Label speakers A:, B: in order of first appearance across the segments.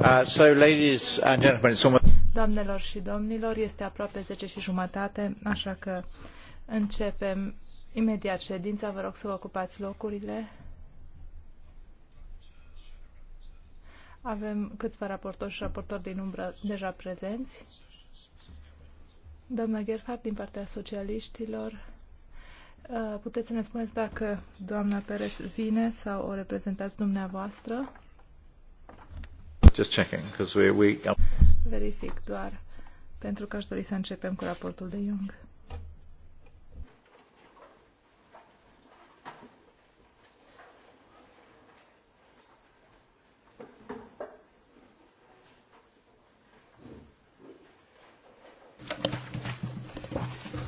A: Uh,
B: Doamnelor și domnilor, este aproape 10 și jumătate, așa că începem imediat ședința. Vă rog să vă ocupați locurile. Avem câțiva raportori și raportori din umbră deja prezenți. Doamna Gerhard, din partea socialiștilor, uh, puteți să ne spuneți dacă doamna Pereș vine sau o reprezentați dumneavoastră?
A: Just checking, because we, we... Um,
B: Verific doar, pentru că aș dori să începem cu raportul de Young.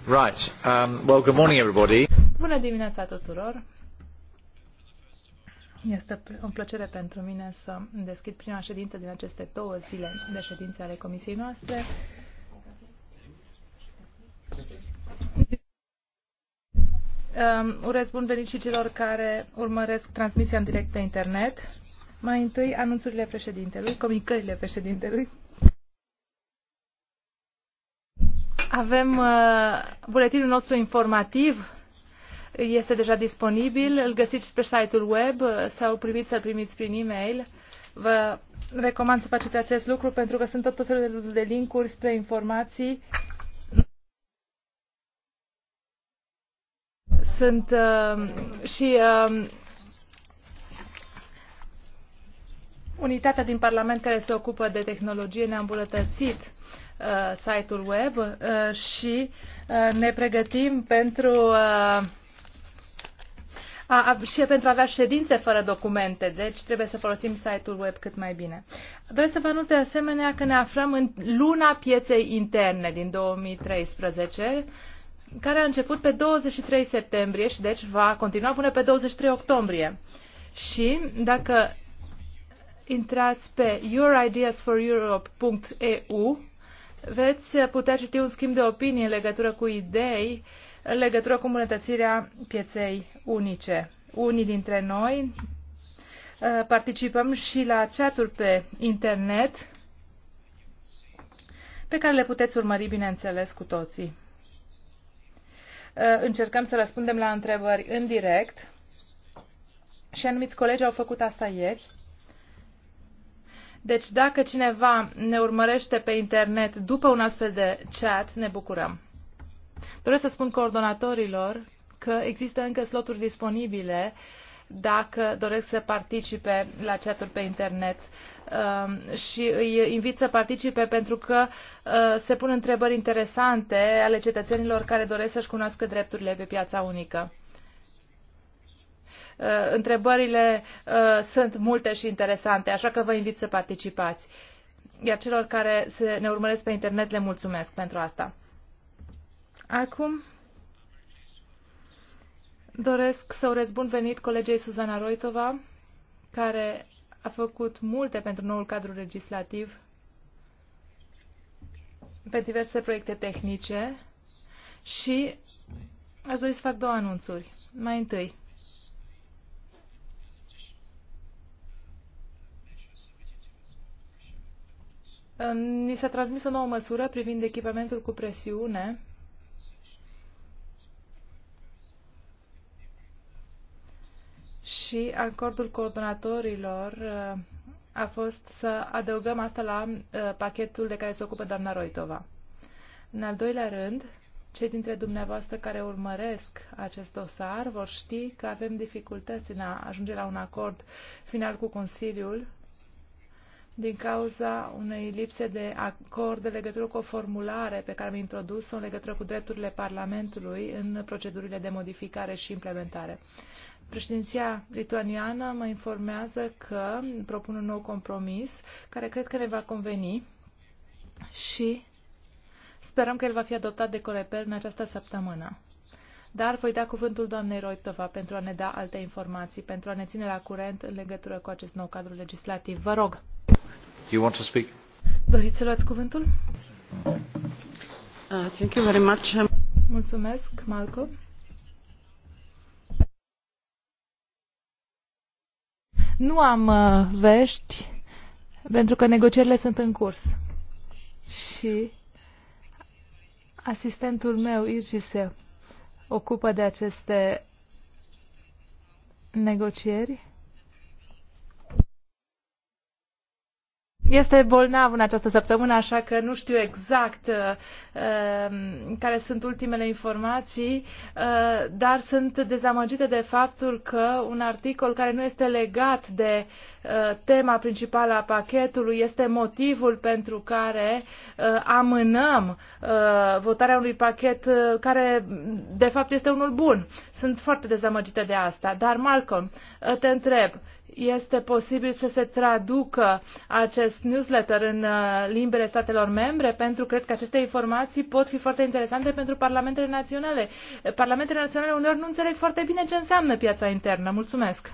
A: Right. Um, well, good morning, everybody.
B: Bună dimineața tuturor. Este o plăcere pentru mine să deschid prima ședință din aceste două zile de ședințe ale comisiei noastre. Um, urez bun venit și celor care urmăresc transmisia în direct pe internet. Mai întâi, anunțurile președintelui, comunicările președintelui. Avem uh, buletinul nostru informativ este deja disponibil, îl găsiți pe site-ul web sau primiți să-l primiți prin e-mail. Vă recomand să faceți acest lucru pentru că sunt tot felul de linkuri spre informații. Sunt uh, și uh, unitatea din Parlament care se ocupă de tehnologie ne-a îmbunătățit uh, site-ul web uh, și uh, ne pregătim pentru uh, a, a, și pentru a avea ședințe fără documente, deci trebuie să folosim site-ul web cât mai bine. Doresc să vă anunț de asemenea că ne aflăm în luna pieței interne din 2013, care a început pe 23 septembrie și deci va continua până pe 23 octombrie. Și dacă intrați pe yourideasforeurope.eu veți putea citi un schimb de opinii în legătură cu idei uh, în legătură cu îmbunătățirea pieței unice. Unii dintre noi uh, participăm și la chaturi pe internet pe care le puteți urmări, bineînțeles, cu toții. Uh, încercăm să răspundem la întrebări în direct și anumiți colegi au făcut asta ieri. Deci dacă cineva ne urmărește pe internet după un astfel de chat, ne bucurăm. Doresc să spun coordonatorilor că există încă sloturi disponibile dacă doresc să participe la chat pe internet um, și îi invit să participe pentru că uh, se pun întrebări interesante ale cetățenilor care doresc să-și cunoască drepturile pe piața unică. Uh, întrebările uh, sunt multe și interesante, așa că vă invit să participați. Iar celor care ne urmăresc pe internet le mulțumesc pentru asta. Acum doresc să urez bun venit colegei Suzana Roitova, care a făcut multe pentru noul cadru legislativ, pe diverse proiecte tehnice și aș dori să fac două anunțuri. Mai întâi, Ni s-a transmis o nouă măsură privind echipamentul cu presiune și acordul coordonatorilor uh, a fost să adăugăm asta la uh, pachetul de care se ocupă doamna Roitova. În al doilea rând, cei dintre dumneavoastră care urmăresc acest dosar vor ști că avem dificultăți în a ajunge la un acord final cu Consiliul din cauza unei lipse de acord de legătură cu o formulare pe care am introdus-o în legătură cu drepturile Parlamentului în procedurile de modificare și implementare. Președinția lituaniană mă informează că propun un nou compromis care cred că ne va conveni și sperăm că el va fi adoptat de Coreper în această săptămână. Dar voi da cuvântul doamnei Roitova pentru a ne da alte informații, pentru a ne ține la curent în legătură cu acest nou cadru legislativ. Vă rog. You want to speak? Doriți să luați cuvântul? Uh, thank you very much. Mulțumesc, Malcolm. Nu am uh, vești pentru că negocierile sunt în curs. Și asistentul meu, Irgi, se ocupă de aceste negocieri este bolnav în această săptămână, așa că nu știu exact uh, um, care sunt ultimele informații, uh, dar sunt dezamăgite de faptul că un articol care nu este legat de uh, tema principală a pachetului este motivul pentru care uh, amânăm uh, votarea unui pachet uh, care, de fapt, este unul bun. Sunt foarte dezamăgite de asta. Dar, Malcolm, uh, te întreb, este posibil să se traducă acest newsletter în uh, limbile statelor membre, pentru cred că aceste informații pot fi foarte interesante pentru parlamentele naționale. Parlamentele naționale uneori nu înțeleg foarte bine ce înseamnă piața internă. Mulțumesc!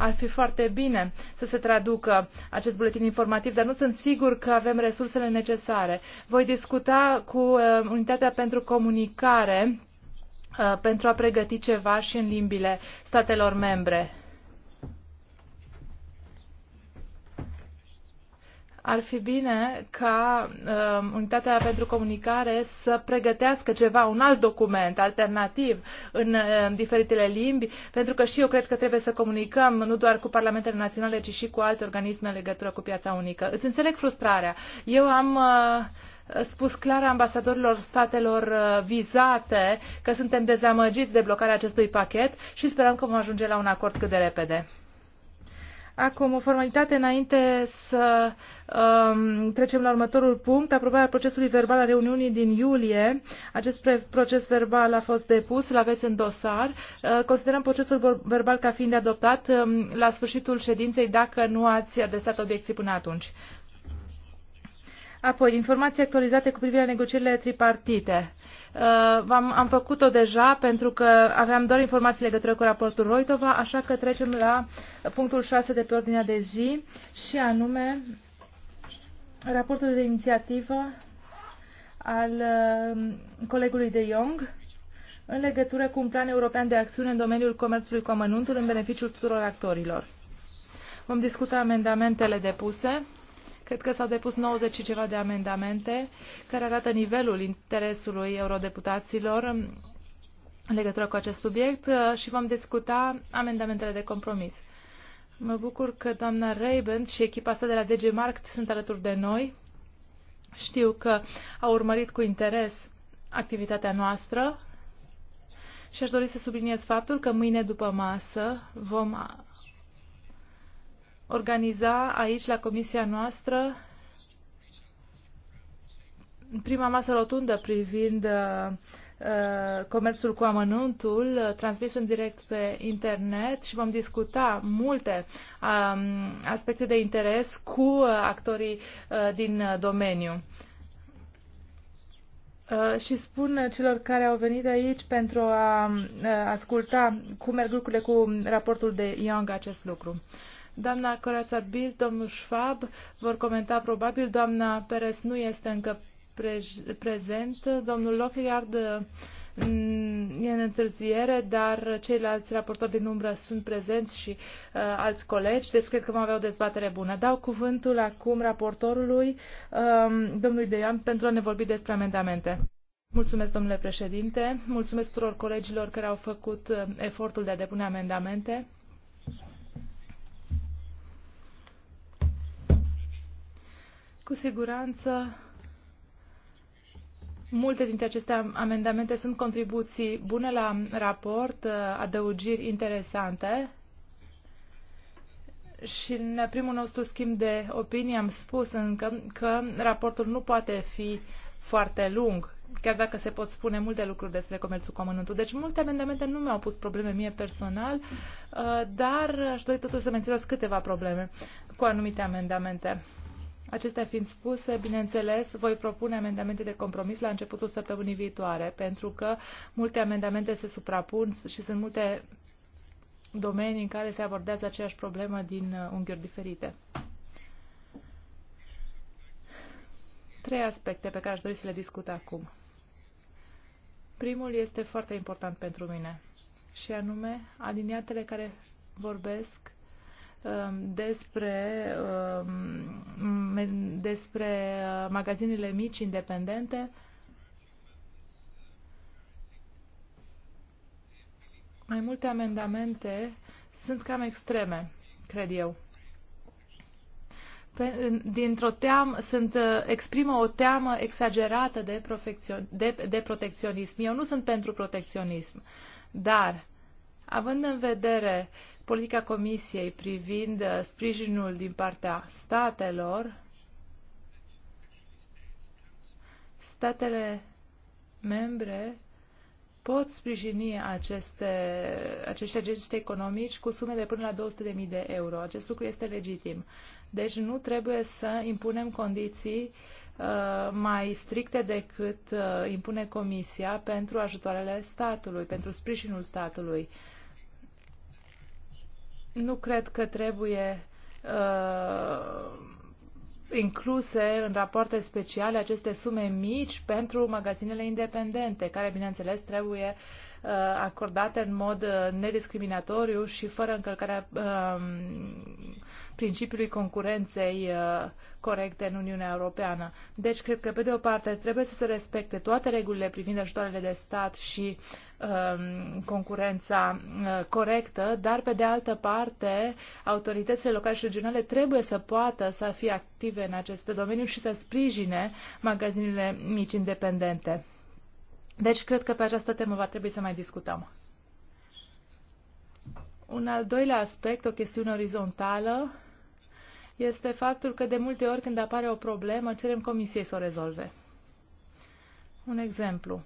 B: Ar fi foarte bine să se traducă acest buletin informativ, dar nu sunt sigur că avem resursele necesare. Voi discuta cu uh, Unitatea pentru Comunicare uh, pentru a pregăti ceva și în limbile statelor membre. ar fi bine ca uh, Unitatea pentru Comunicare să pregătească ceva, un alt document alternativ în uh, diferitele limbi, pentru că și eu cred că trebuie să comunicăm nu doar cu parlamentele naționale, ci și cu alte organisme în legătură cu piața unică. Îți înțeleg frustrarea. Eu am. Uh, spus clar ambasadorilor statelor uh, vizate că suntem dezamăgiți de blocarea acestui pachet și sperăm că vom ajunge la un acord cât de repede. Acum, o formalitate înainte să um, trecem la următorul punct, aprobarea procesului verbal a reuniunii din iulie. Acest proces verbal a fost depus, îl aveți în dosar. Uh, considerăm procesul verbal ca fiind adoptat um, la sfârșitul ședinței dacă nu ați adresat obiecții până atunci. Apoi, informații actualizate cu privire la negocierile tripartite. Uh, am am făcut-o deja pentru că aveam doar informații legătură cu raportul Roitova, așa că trecem la punctul 6 de pe ordinea de zi și anume raportul de inițiativă al uh, colegului de Young în legătură cu un plan european de acțiune în domeniul comerțului cu amănuntul în beneficiul tuturor actorilor. Vom discuta amendamentele depuse Cred că s-au depus 90 și ceva de amendamente care arată nivelul interesului eurodeputaților în legătură cu acest subiect uh, și vom discuta amendamentele de compromis. Mă bucur că doamna Raybent și echipa sa de la DG Markt sunt alături de noi. Știu că au urmărit cu interes activitatea noastră și aș dori să subliniez faptul că mâine după masă vom organiza aici, la comisia noastră, prima masă rotundă privind uh, uh, comerțul cu amănuntul, uh, transmis în direct pe internet și vom discuta multe um, aspecte de interes cu actorii uh, din domeniu. Uh, și spun celor care au venit aici pentru a uh, asculta cum merg lucrurile cu raportul de Young acest lucru. Uh, Doamna Corața Bild, domnul Schwab vor comenta probabil. Doamna Perez nu este încă prezent. Domnul Lockyard mm, e în întârziere, dar ceilalți raportori din umbră sunt prezenți și uh, alți colegi, deci cred că vom avea o dezbatere bună. Dau cuvântul acum raportorului, uh, domnului Deian, pentru a ne vorbi despre amendamente. Mulțumesc, domnule președinte. Mulțumesc tuturor colegilor care au făcut uh, efortul de a depune amendamente. Cu siguranță, multe dintre aceste amendamente sunt contribuții bune la raport, uh, adăugiri interesante. Și în primul nostru schimb de opinie am spus încă că raportul nu poate fi foarte lung, chiar dacă se pot spune multe lucruri despre comerțul cu amănântul. Deci multe amendamente nu mi-au pus probleme mie personal, uh, dar aș dori totuși să menționez câteva probleme cu anumite amendamente. Acestea fiind spuse, bineînțeles, voi propune amendamente de compromis la începutul săptămânii viitoare, pentru că multe amendamente se suprapun și sunt multe domenii în care se abordează aceeași problemă din uh, unghiuri diferite. Trei aspecte pe care aș dori să le discut acum. Primul este foarte important pentru mine, și anume aliniatele care vorbesc Um, despre, um, despre uh, magazinele mici independente. Mai multe amendamente sunt cam extreme, cred eu dintr-o teamă, sunt, uh, exprimă o teamă exagerată de, de, de protecționism. Eu nu sunt pentru protecționism, dar Având în vedere politica Comisiei privind uh, sprijinul din partea statelor, statele membre pot sprijini aceste, aceste agenții economici cu sume de până la 200.000 de euro. Acest lucru este legitim. Deci nu trebuie să impunem condiții uh, mai stricte decât uh, impune Comisia pentru ajutoarele statului, pentru sprijinul statului. Uh, nu cred că trebuie uh, incluse în rapoarte speciale aceste sume mici pentru magazinele independente, care, bineînțeles, trebuie uh, Uh, acordate în mod uh, nediscriminatoriu și fără încălcarea um, principiului concurenței uh, corecte în Uniunea Europeană. Deci, cred că, pe de o parte, trebuie să se respecte toate regulile privind ajutoarele de stat și um, concurența corectă, dar, pe de altă parte, autoritățile locale și regionale trebuie să poată să fie active în acest domeniu și să sprijine magazinele mici independente. Deci cred că pe această temă va trebui să mai discutăm. Un al doilea aspect, o chestiune orizontală, este faptul că de multe ori când apare o problemă, cerem comisiei să o rezolve. Un exemplu.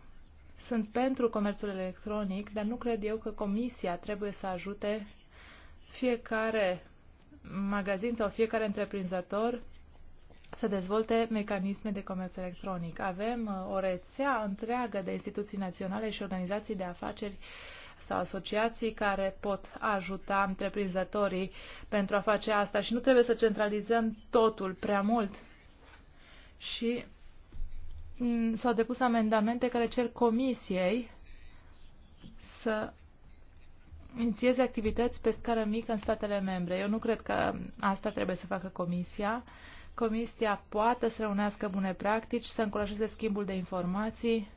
B: Sunt pentru comerțul electronic, dar nu cred eu că comisia trebuie să ajute fiecare magazin sau fiecare întreprinzător să dezvolte mecanisme de comerț electronic. Avem uh, o rețea întreagă de instituții naționale și organizații de afaceri sau asociații care pot ajuta întreprinzătorii pentru a face asta și nu trebuie să centralizăm totul prea mult. Și mm, s-au depus amendamente care cer comisiei să inițieze activități pe scară mică în statele membre. Eu nu cred că asta trebuie să facă comisia, Comisia poate să reunească bune practici, să încurajeze schimbul de informații,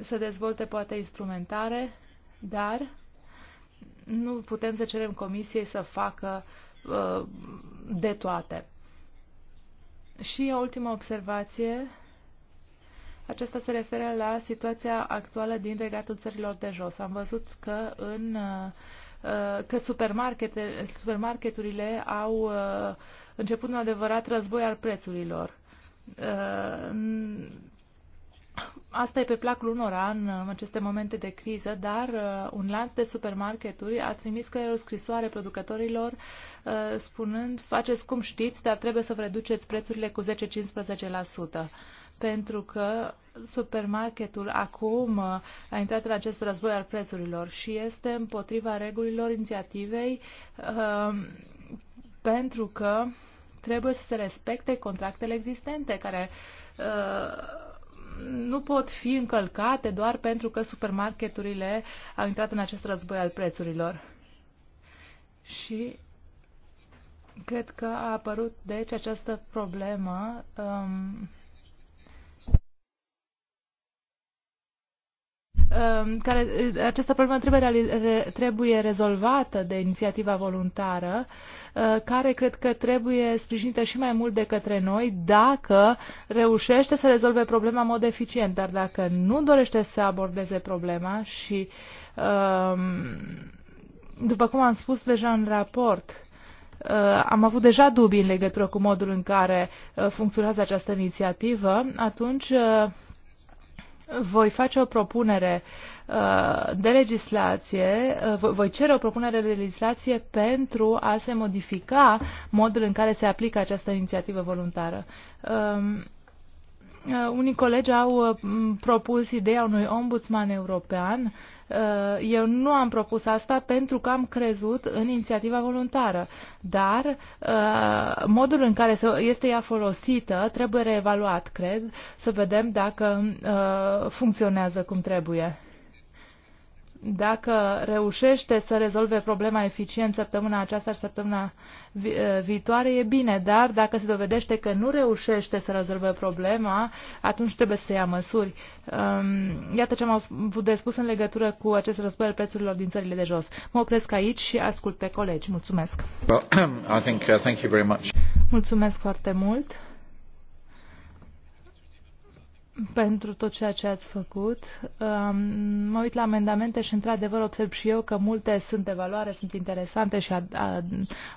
B: să dezvolte poate instrumentare, dar nu putem să cerem Comisiei să facă uh, de toate. Și o ultimă observație. Aceasta se referă la situația actuală din regatul țărilor de jos. Am văzut că în uh, Uh, că supermarketurile au uh, început un adevărat război al prețurilor. Uh, asta e pe placul unora în aceste momente de criză, dar un lanț de supermarketuri a trimis că o scrisoare producătorilor spunând faceți cum știți, dar trebuie să vă reduceți prețurile cu 10-15% pentru că supermarketul acum uh, a intrat în acest război al prețurilor și este împotriva regulilor inițiativei uh, pentru că trebuie să se respecte contractele existente care uh, nu pot fi încălcate doar pentru că supermarketurile au intrat în acest război al prețurilor. Și cred că a apărut deci această problemă um, Um, care, această problemă trebuie, trebuie rezolvată de inițiativa voluntară, uh, care cred că trebuie sprijinită și mai mult de către noi dacă reușește să rezolve problema în mod eficient, dar dacă nu dorește să abordeze problema și, um, după cum am spus deja în raport, uh, am avut deja dubii în legătură cu modul în care uh, funcționează această inițiativă, atunci voi face o propunere uh, de legislație, uh, voi cere o propunere de legislație pentru a se modifica modul în care se aplică această inițiativă voluntară. Um, Uh, unii colegi au uh, propus ideea unui ombudsman european. Uh, eu nu am propus asta pentru că am crezut în inițiativa voluntară, dar modul în care este ea folosită trebuie reevaluat, cred, să vedem dacă funcționează cum trebuie dacă reușește să rezolve problema eficient săptămâna aceasta și săptămâna vi viitoare, e bine, dar dacă se dovedește că nu reușește să rezolve problema, atunci trebuie să ia măsuri. Um, iată ce am avut de spus în legătură cu acest război al prețurilor din țările de jos. Mă opresc aici și ascult pe colegi. Mulțumesc! Well, I think, uh, thank you very much. Mulțumesc foarte mult! pentru tot ceea ce ați făcut. Um, mă uit la amendamente și, într-adevăr, observ și eu că multe sunt de valoare, sunt interesante și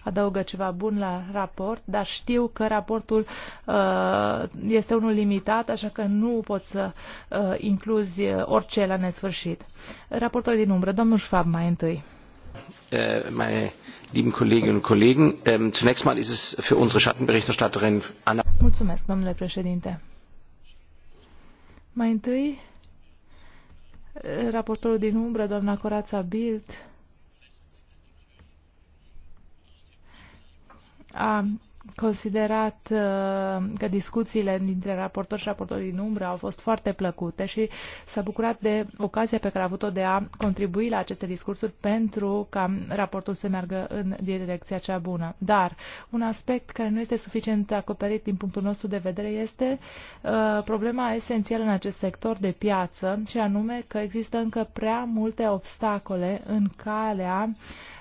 B: adaugă ceva bun la raport, dar știu că raportul uh, este unul limitat, așa că nu poți să uh, incluzi orice la nesfârșit. Raportul din umbră, domnul Schwab, mai întâi.
A: Äh, meine lieben Kolleginnen und Kollegen, ähm, zunächst mal ist es für unsere Schattenberichterstatterin Anna.
B: Mulțumesc, domnule președinte. Mai întâi, raportorul din umbră, doamna Corața Bild, a considerat uh, că discuțiile dintre raportor și raportor din umbră au fost foarte plăcute și s-a bucurat de ocazia pe care a avut-o de a contribui la aceste discursuri pentru ca raportul să meargă în direcția cea bună. Dar un aspect care nu este suficient acoperit din punctul nostru de vedere este uh, problema esențială în acest sector de piață și anume că există încă prea multe obstacole în calea uh,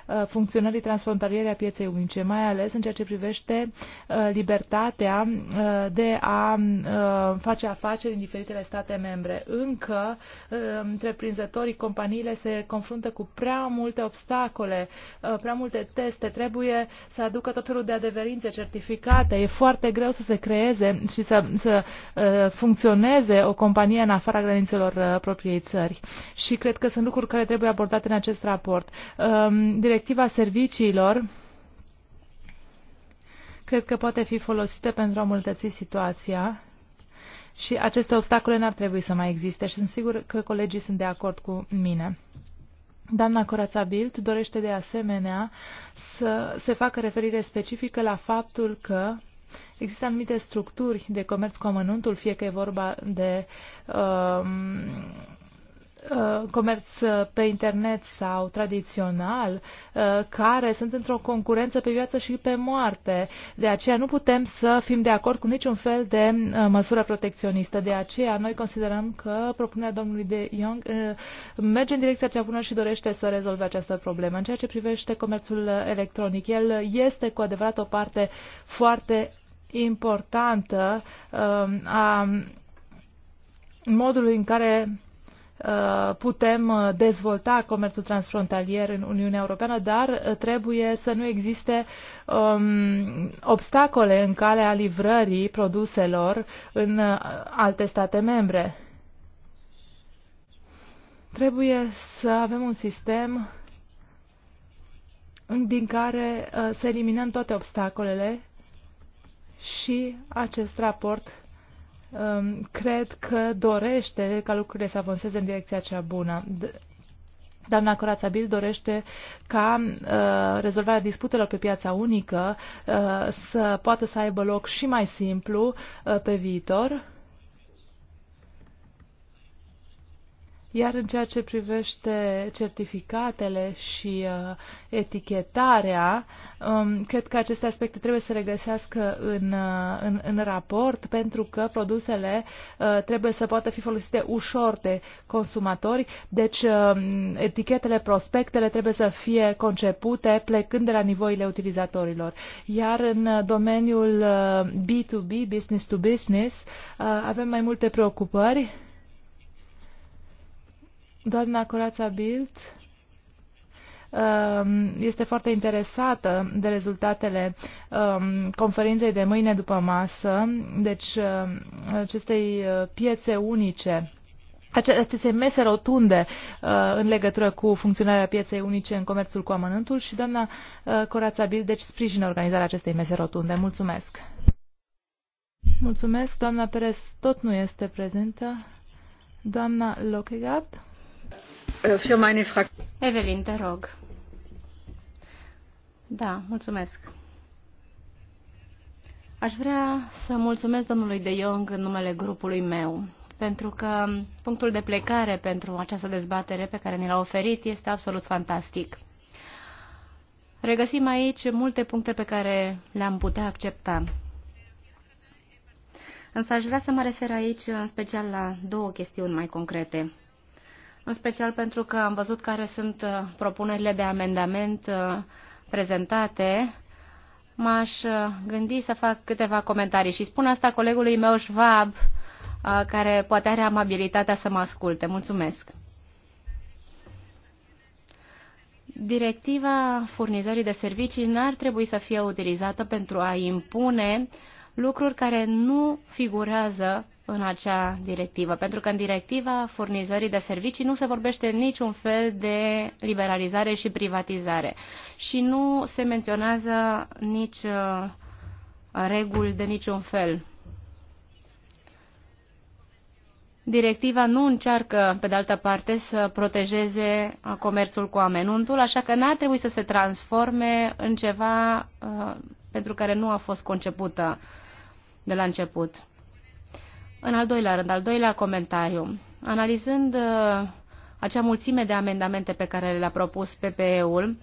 B: Uh, funcționării transfrontaliere a pieței unice, mai ales în ceea ce privește uh, libertatea uh, de a face afaceri în diferitele state membre. Încă întreprinzătorii, companiile se confruntă cu prea multe obstacole, prea multe teste, trebuie să aducă tot felul de adeverințe, certificate, e foarte greu să se creeze și să, să funcționeze o companie în afara granițelor propriei țări. Și cred că sunt lucruri care trebuie abordate în acest raport. Um, directiva serviciilor cred că poate fi folosită pentru a multăți situația și aceste obstacole n-ar trebui să mai existe și sunt sigur că colegii sunt de acord cu mine. Doamna Corața Bilt dorește de asemenea să se facă referire specifică la faptul că există anumite structuri de comerț cu amănuntul, fie că e vorba de uh, Uh, comerț uh, pe internet sau tradițional, uh, care sunt într-o concurență pe viață și pe moarte. De aceea nu putem să fim de acord cu niciun fel de măsură protecționistă. De aceea noi considerăm că propunerea domnului de Young merge în direcția cea bună și dorește să rezolve această problemă. În ceea ce privește comerțul electronic, el este cu adevărat o parte foarte importantă a modului în care Uh, putem uh, dezvolta comerțul transfrontalier în Uniunea Europeană, dar uh, trebuie să nu existe um, obstacole în calea livrării produselor în alte state membre. Trebuie să avem un sistem din care să eliminăm toate obstacolele și acest raport Um, cred că dorește ca lucrurile să avanseze în direcția cea bună. Doamna Corațabil dorește ca uh, rezolvarea disputelor pe piața unică uh, să poată să aibă loc și mai simplu uh, pe viitor Iar în ceea ce privește certificatele și uh, etichetarea, um, cred că aceste aspecte trebuie să regăsească în, uh, în, în raport, pentru că produsele uh, trebuie să poată fi folosite ușor de consumatori. Deci, uh, etichetele, prospectele trebuie să fie concepute plecând de la nivoile utilizatorilor. Iar în uh, domeniul uh, B2B, business to business, uh, avem mai multe preocupări Doamna Corața Bild um, este foarte interesată de rezultatele um, conferinței de mâine după masă, deci um, acestei uh, piețe unice aceste mese rotunde uh, în legătură cu funcționarea pieței unice în comerțul cu amănântul și doamna uh, Corața Bil, deci sprijină organizarea acestei mese rotunde. Mulțumesc! Mulțumesc, doamna Perez tot nu este prezentă. Doamna Lockegard?
C: Eh, Evelyn, te rog.
B: Da, mulțumesc.
C: Aș vrea să mulțumesc domnului De Jong în numele grupului meu, pentru că punctul de plecare pentru această dezbatere pe care ni l-a oferit este absolut fantastic. Regăsim aici multe puncte pe care le-am putea accepta. Însă aș vrea să mă refer aici în special la două chestiuni mai concrete în special pentru că am văzut care sunt uh, propunerile de amendament uh, prezentate, m-aș uh, gândi să fac câteva comentarii și spun asta colegului meu Schwab, care poate are amabilitatea să mă asculte. Mulțumesc! Directiva furnizării de servicii n-ar trebui să fie utilizată pentru a impune lucruri care nu figurează în acea directivă, pentru că în directiva furnizării de servicii nu se vorbește niciun fel de liberalizare și privatizare și nu se menționează nici uh, reguli de niciun fel. Directiva nu încearcă, pe de altă parte, să protejeze uh, comerțul cu amenuntul, așa că n-ar trebui să se transforme în ceva uh, pentru care nu a fost concepută de la început. În al doilea rând, al doilea comentariu. Analizând uh, acea mulțime de amendamente pe care le-a propus PPE-ul,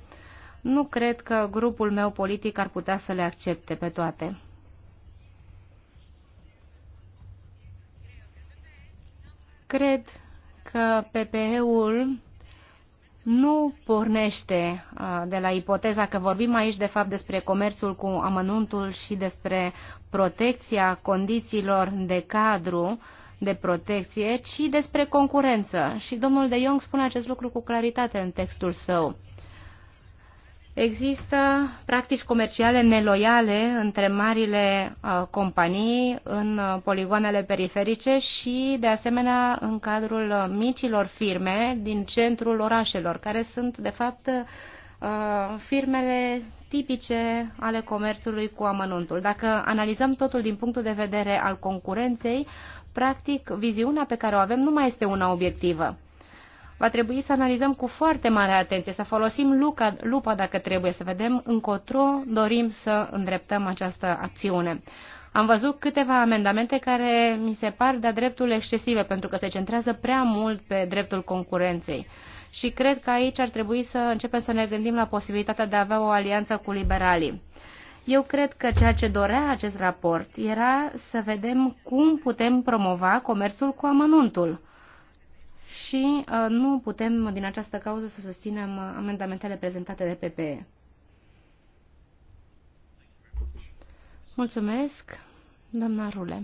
C: nu cred că grupul meu politic ar putea să le accepte pe toate. Cred că PPE-ul nu pornește de la ipoteza că vorbim aici de fapt despre comerțul cu amănuntul și despre protecția condițiilor de cadru de protecție, ci despre concurență. Și domnul de Jong spune acest lucru cu claritate în textul său. Există practici comerciale neloiale între marile uh, companii în uh, poligoanele periferice și, de asemenea, în cadrul uh, micilor firme din centrul orașelor, care sunt, de fapt, uh, firmele tipice ale comerțului cu amănuntul. Dacă analizăm totul din punctul de vedere al concurenței, practic, viziunea pe care o avem nu mai este una obiectivă. Va trebui să analizăm cu foarte mare atenție, să folosim lupa, lupa dacă trebuie, să vedem încotro dorim să îndreptăm această acțiune. Am văzut câteva amendamente care mi se par de-a dreptul excesive, pentru că se centrează prea mult pe dreptul concurenței. Și cred că aici ar trebui să începem să ne gândim la posibilitatea de a avea o alianță cu liberalii. Eu cred că ceea ce dorea acest raport era să vedem cum putem promova comerțul cu amănuntul și uh, nu putem din această cauză să susținem uh, amendamentele prezentate de PPE. Mulțumesc, doamna Rule.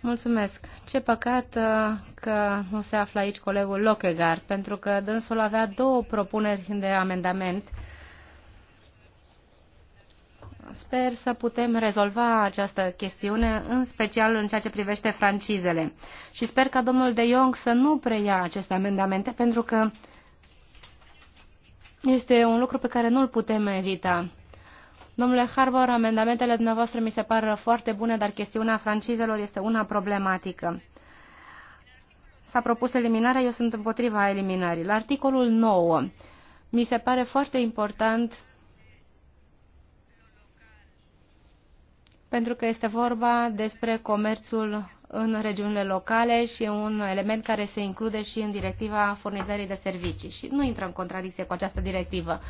C: Mulțumesc. Ce păcat uh, că nu se află aici colegul Lochegar, pentru că dânsul avea două propuneri de amendament Sper să putem rezolva această chestiune, în special în ceea ce privește francizele. Și sper ca domnul De Jong să nu preia aceste amendamente, pentru că este un lucru pe care nu-l putem evita. Domnule Harbour, amendamentele dumneavoastră mi se par foarte bune, dar chestiunea francizelor este una problematică. S-a propus eliminarea, eu sunt împotriva eliminării. La articolul 9, mi se pare foarte important pentru că este vorba despre comerțul în regiunile locale și e un element care se include și în directiva furnizării de servicii și nu intră în contradicție cu această directivă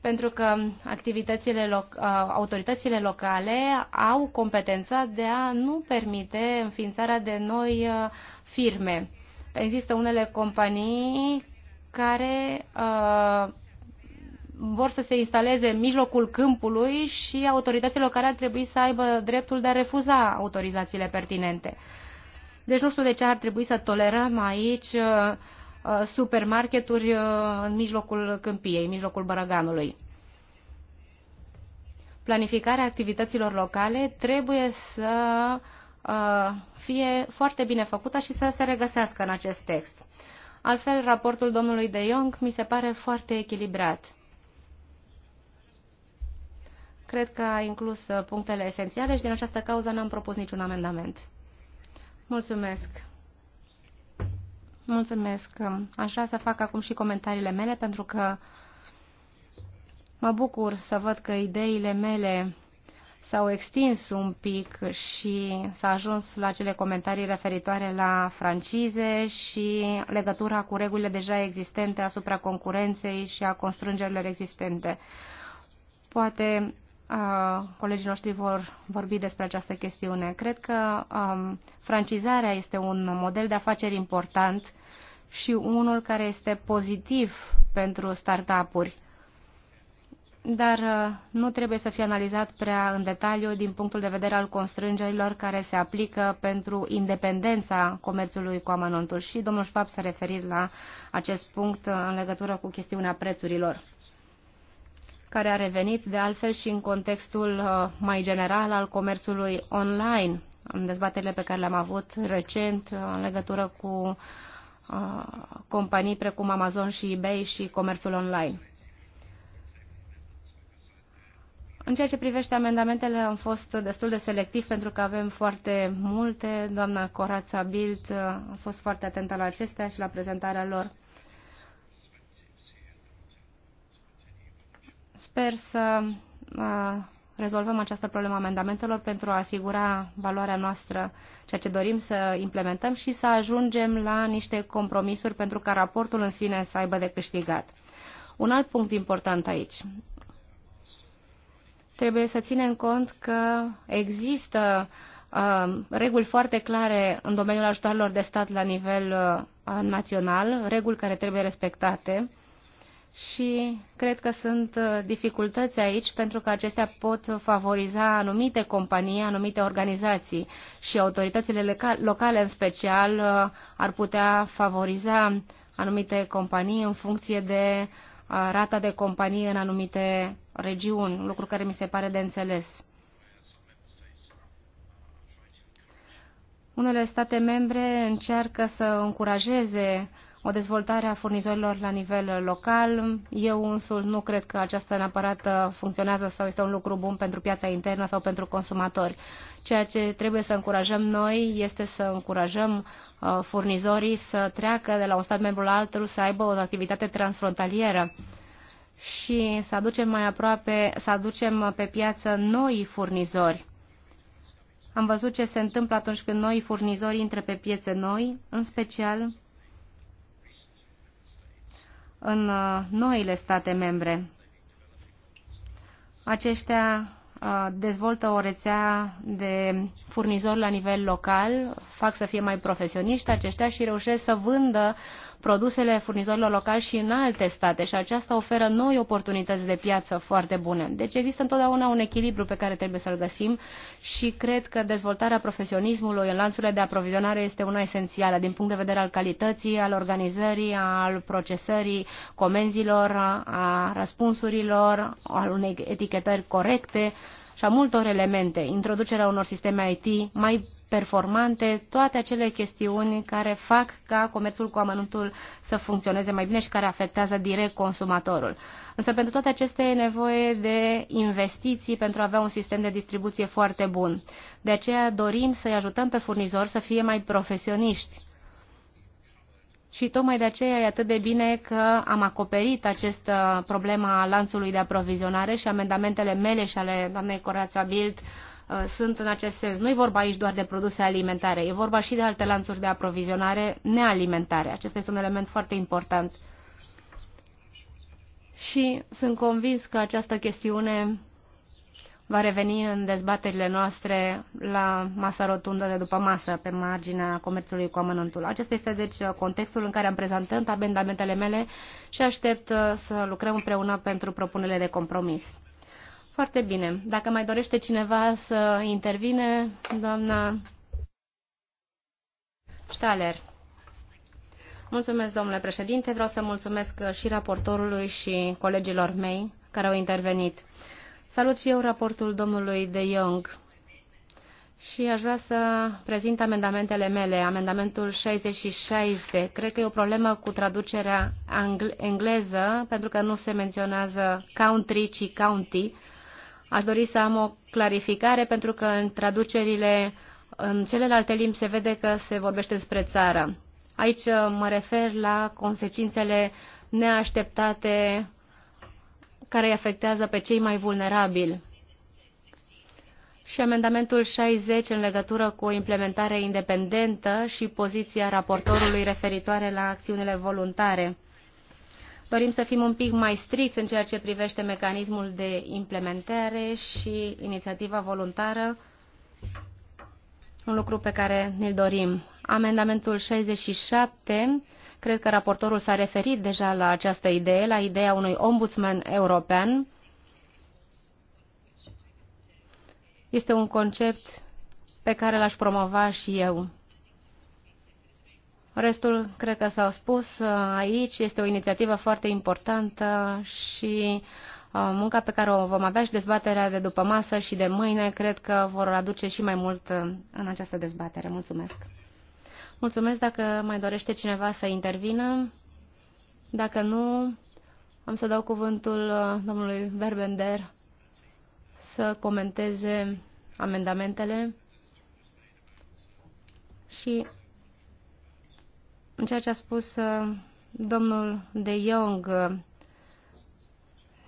C: pentru că activitățile lo- uh, autoritățile locale au competența de a nu permite înființarea de noi uh, firme. Există unele companii care uh, vor să se instaleze în mijlocul câmpului și autoritățile locale ar trebui să aibă dreptul de a refuza autorizațiile pertinente. Deci nu știu de ce ar trebui să tolerăm aici uh, uh, supermarketuri uh, în mijlocul câmpiei, în mijlocul baraganului. Planificarea activităților locale trebuie să fie foarte bine făcută și să se regăsească în acest text. Altfel, raportul domnului De Jong mi se pare foarte echilibrat. Cred că a inclus uh, punctele esențiale și din această cauză n-am propus niciun amendament. Mulțumesc. Mulțumesc. Um, aș vrea să fac acum și comentariile mele pentru că mă bucur să văd că ideile mele s-au extins un pic și s-a ajuns la cele comentarii referitoare la francize și legătura cu regulile deja existente asupra concurenței și a constrângerilor existente. Poate colegii noștri vor vorbi despre această chestiune. Cred că um, francizarea este un model de afaceri important și unul care este pozitiv pentru startup-uri. Dar uh, nu trebuie să fie analizat prea în detaliu din punctul de vedere al constrângerilor care se aplică pentru independența comerțului cu amănuntul. Și domnul Schwab s-a referit la acest punct uh, în legătură cu chestiunea prețurilor care a revenit de altfel și în contextul uh, mai general al comerțului online, în dezbaterile pe care le-am avut recent uh, în legătură cu uh, companii precum Amazon și eBay și comerțul online. În ceea ce privește amendamentele, am fost destul de selectiv pentru că avem foarte multe. Doamna Corața Bild a fost foarte atentă la acestea și la prezentarea lor. Sper să uh, rezolvăm această problemă amendamentelor pentru a asigura valoarea noastră, ceea ce dorim să implementăm și să ajungem la niște compromisuri pentru ca raportul în sine să aibă de câștigat. Un alt punct important aici. Trebuie să ținem cont că există uh, reguli foarte clare în domeniul ajutoarelor de stat la nivel uh, național, reguli care trebuie respectate și cred că sunt uh, dificultăți aici pentru că acestea pot favoriza anumite companii, anumite organizații și autoritățile locale în special uh, ar putea favoriza anumite companii în funcție de uh, rata de companii în anumite regiuni, lucru care mi se pare de înțeles. Unele state membre încearcă să încurajeze uh, o dezvoltare a furnizorilor la nivel local. Eu însul nu cred că aceasta neapărat uh, funcționează sau este un lucru bun pentru piața internă sau pentru consumatori. Ceea ce trebuie să încurajăm noi este să încurajăm uh, furnizorii să treacă de la un stat membru la altul, să aibă o activitate transfrontalieră și să aducem mai aproape, să aducem pe piață noi furnizori. Am văzut ce se întâmplă atunci când noi furnizori intră pe piețe noi, în special în uh, noile state membre. Aceștia uh, dezvoltă o rețea de furnizori la nivel local, fac să fie mai profesioniști aceștia și reușesc să vândă uh, produsele furnizorilor locali și în alte state și aceasta oferă noi oportunități de piață foarte bune. Deci există întotdeauna un echilibru pe care trebuie să-l găsim și cred că dezvoltarea profesionismului în lanțurile de aprovizionare este una esențială din punct de vedere al calității, al organizării, al procesării comenzilor, a răspunsurilor, al unei etichetări corecte și a multor elemente, introducerea unor sisteme IT mai performante, toate acele chestiuni care fac ca comerțul cu amănuntul să funcționeze mai bine și care afectează direct consumatorul. Însă pentru toate acestea e nevoie de investiții pentru a avea un sistem de distribuție foarte bun. De aceea dorim să-i ajutăm pe furnizori să fie mai profesioniști. Și tocmai de aceea e atât de bine că am acoperit această problemă a lanțului de aprovizionare și amendamentele mele și ale doamnei Corața Bild uh, Uh, sunt în acest sens. Nu e vorba aici doar de produse alimentare, e vorba și de alte lanțuri de aprovizionare nealimentare. Acesta este un element foarte important. Și sunt convins că această chestiune va reveni în dezbaterile noastre la masa rotundă de după masă, pe marginea comerțului cu amănântul. Acesta este, deci, contextul în care am prezentat amendamentele mele și aștept uh, să lucrăm împreună pentru propunerile de compromis. Foarte bine. Dacă mai dorește cineva să intervine, doamna Staler. Mulțumesc, domnule președinte. Vreau să mulțumesc și raportorului și colegilor mei care au intervenit. Salut și eu raportul domnului De Jong și aș vrea să prezint amendamentele mele. Amendamentul 66. Cred că e o problemă cu traducerea engleză, pentru că nu se menționează country, ci county. Aș dori să am o clarificare pentru că în traducerile în celelalte limbi se vede că se vorbește despre țară. Aici uh, mă refer la consecințele neașteptate care îi afectează pe cei mai vulnerabili. Și amendamentul 60 în legătură cu o implementare independentă și poziția raportorului referitoare la acțiunile voluntare. Dorim să fim un pic mai stricți în ceea ce privește mecanismul de implementare și inițiativa voluntară, un lucru pe care ne-l dorim. Amendamentul 67, cred că raportorul s-a referit deja la această idee, la ideea unui ombudsman european. Este un concept pe care l-aș promova și eu. Restul, cred că s-au spus uh, aici, este o inițiativă foarte importantă și uh, munca pe care o vom avea și dezbaterea de după masă și de mâine, cred că vor aduce și mai mult uh, în această dezbatere. Mulțumesc! Mulțumesc dacă mai dorește cineva să intervină. Dacă nu, am să dau cuvântul domnului Berbender să comenteze amendamentele și în ceea ce a spus uh, domnul De Jong, uh,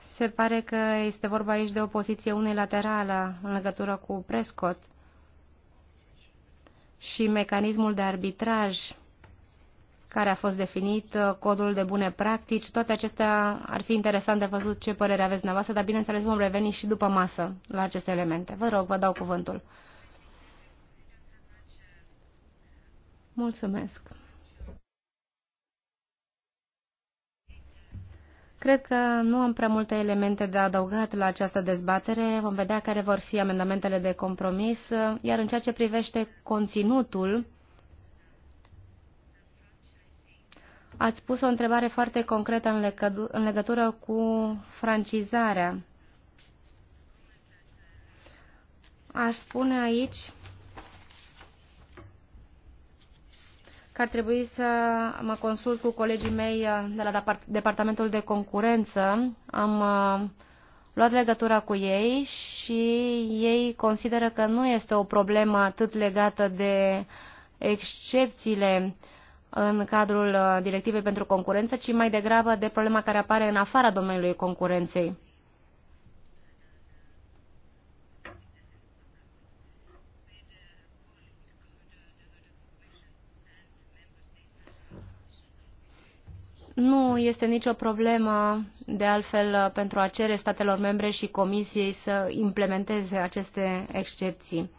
C: se pare că este vorba aici de o poziție unilaterală în legătură cu Prescott și mecanismul de arbitraj care a fost definit, uh, codul de bune practici, toate acestea ar fi interesant de văzut ce părere aveți dumneavoastră, dar bineînțeles vom reveni și după masă la aceste elemente. Vă rog, vă dau cuvântul. Mulțumesc. Cred că nu am prea multe elemente de adăugat la această dezbatere. Vom vedea care vor fi amendamentele de compromis, iar în ceea ce privește conținutul, ați pus o întrebare foarte concretă în legătură cu francizarea. Aș spune aici ar trebui să mă consult cu colegii mei uh, de la Departamentul de Concurență. Am uh, luat legătura cu ei și ei consideră că nu este o problemă atât legată de excepțiile în cadrul uh, directivei pentru concurență, ci mai degrabă de problema care apare în afara domeniului concurenței. Nu este nicio problemă, de altfel, pentru a cere statelor membre și Comisiei să implementeze aceste excepții.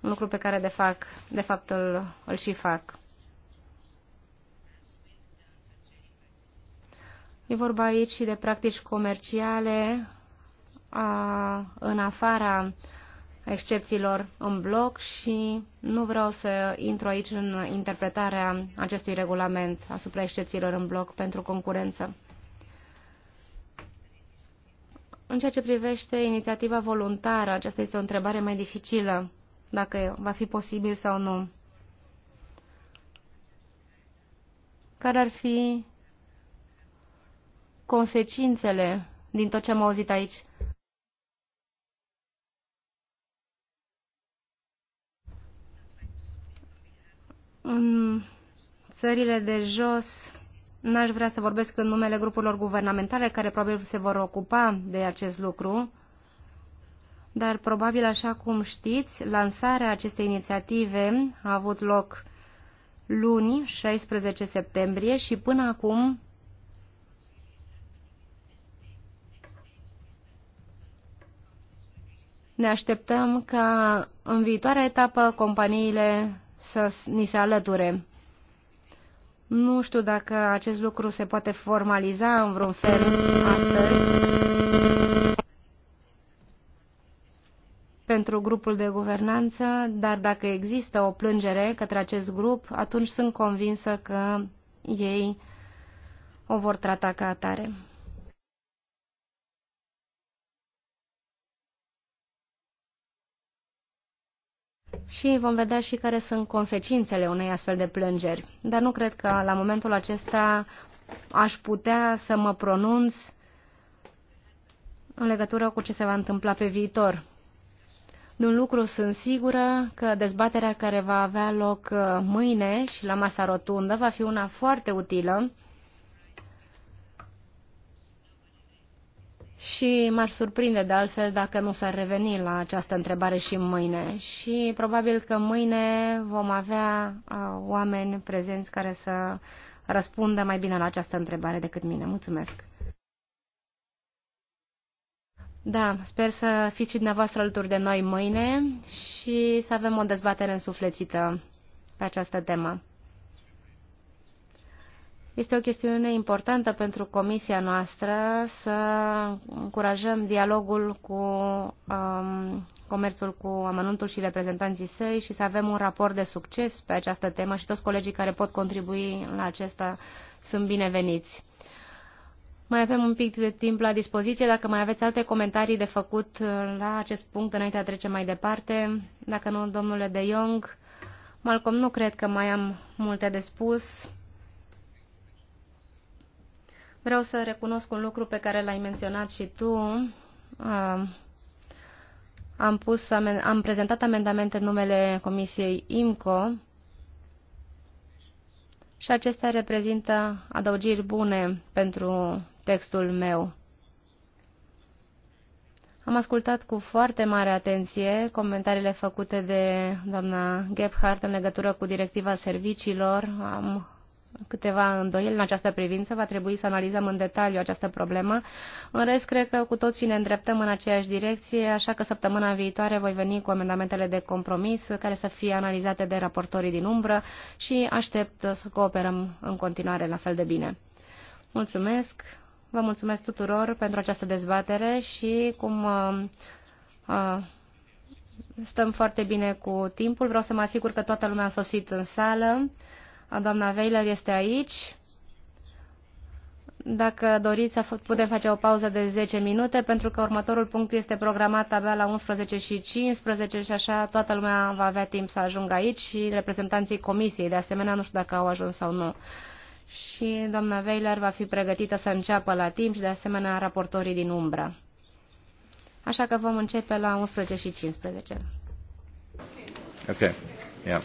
C: Un lucru pe care, de fapt, de fapt îl, îl și fac. E vorba aici și de practici comerciale a, în afara excepțiilor în bloc și nu vreau să intru aici în interpretarea acestui regulament asupra excepțiilor în bloc pentru concurență. În ceea ce privește inițiativa voluntară, aceasta este o întrebare mai dificilă, dacă va fi posibil sau nu. Care ar fi consecințele din tot ce am auzit aici? În țările de jos n-aș vrea să vorbesc în numele grupurilor guvernamentale care probabil se vor ocupa de acest lucru, dar probabil, așa cum știți, lansarea acestei inițiative a avut loc luni, 16 septembrie, și până acum ne așteptăm ca în viitoarea etapă companiile să ni se alăture. Nu știu dacă acest lucru se poate formaliza în vreun fel astăzi pentru grupul de guvernanță, dar dacă există o plângere către acest grup, atunci sunt convinsă că ei o vor trata ca atare. și vom vedea și care sunt consecințele unei astfel de plângeri. Dar nu cred că la momentul acesta aș putea să mă pronunț în legătură cu ce se va întâmpla pe viitor. De un lucru sunt sigură că dezbaterea care va avea loc uh, mâine și la masa rotundă va fi una foarte utilă și m-ar surprinde de altfel dacă nu s-ar reveni la această întrebare și mâine. Și probabil că mâine vom avea oameni prezenți care să răspundă mai bine la această întrebare decât mine. Mulțumesc! Da, sper să fiți și dumneavoastră alături de noi mâine și să avem o dezbatere însuflețită pe această temă. Este o chestiune importantă pentru comisia noastră să încurajăm dialogul cu um, comerțul cu amănuntul și reprezentanții săi și să avem un raport de succes pe această temă și toți colegii care pot contribui la acesta sunt bineveniți. Mai avem un pic de timp la dispoziție. Dacă mai aveți alte comentarii de făcut la acest punct, înainte de a trece mai departe, dacă nu, domnule De Jong, Malcolm, nu cred că mai am multe de spus. Vreau să recunosc un lucru pe care l-ai menționat și tu. Am, pus, am prezentat amendamente în numele Comisiei IMCO și acestea reprezintă adăugiri bune pentru textul meu. Am ascultat cu foarte mare atenție comentariile făcute de doamna Gebhardt în legătură cu directiva serviciilor. Am câteva îndoieli în această privință, va trebui să analizăm în detaliu această problemă. În rest, cred că cu toții ne îndreptăm în aceeași direcție, așa că săptămâna viitoare voi veni cu amendamentele de compromis care să fie analizate de raportorii din umbră și aștept să cooperăm în continuare la fel de bine. Mulțumesc, vă mulțumesc tuturor pentru această dezbatere și cum uh, uh, stăm foarte bine cu timpul, vreau să mă asigur că toată lumea a sosit în sală. Doamna Weiler este aici. Dacă doriți, putem face o pauză de 10 minute, pentru că următorul punct este programat abia la 11 și 15 și așa toată lumea va avea timp să ajungă aici și reprezentanții comisiei, de asemenea, nu știu dacă au ajuns sau nu. Și doamna Weiler va fi pregătită să înceapă la timp și, de asemenea, raportorii din umbră. Așa că vom începe la 11 și 15.
A: Okay. Yeah.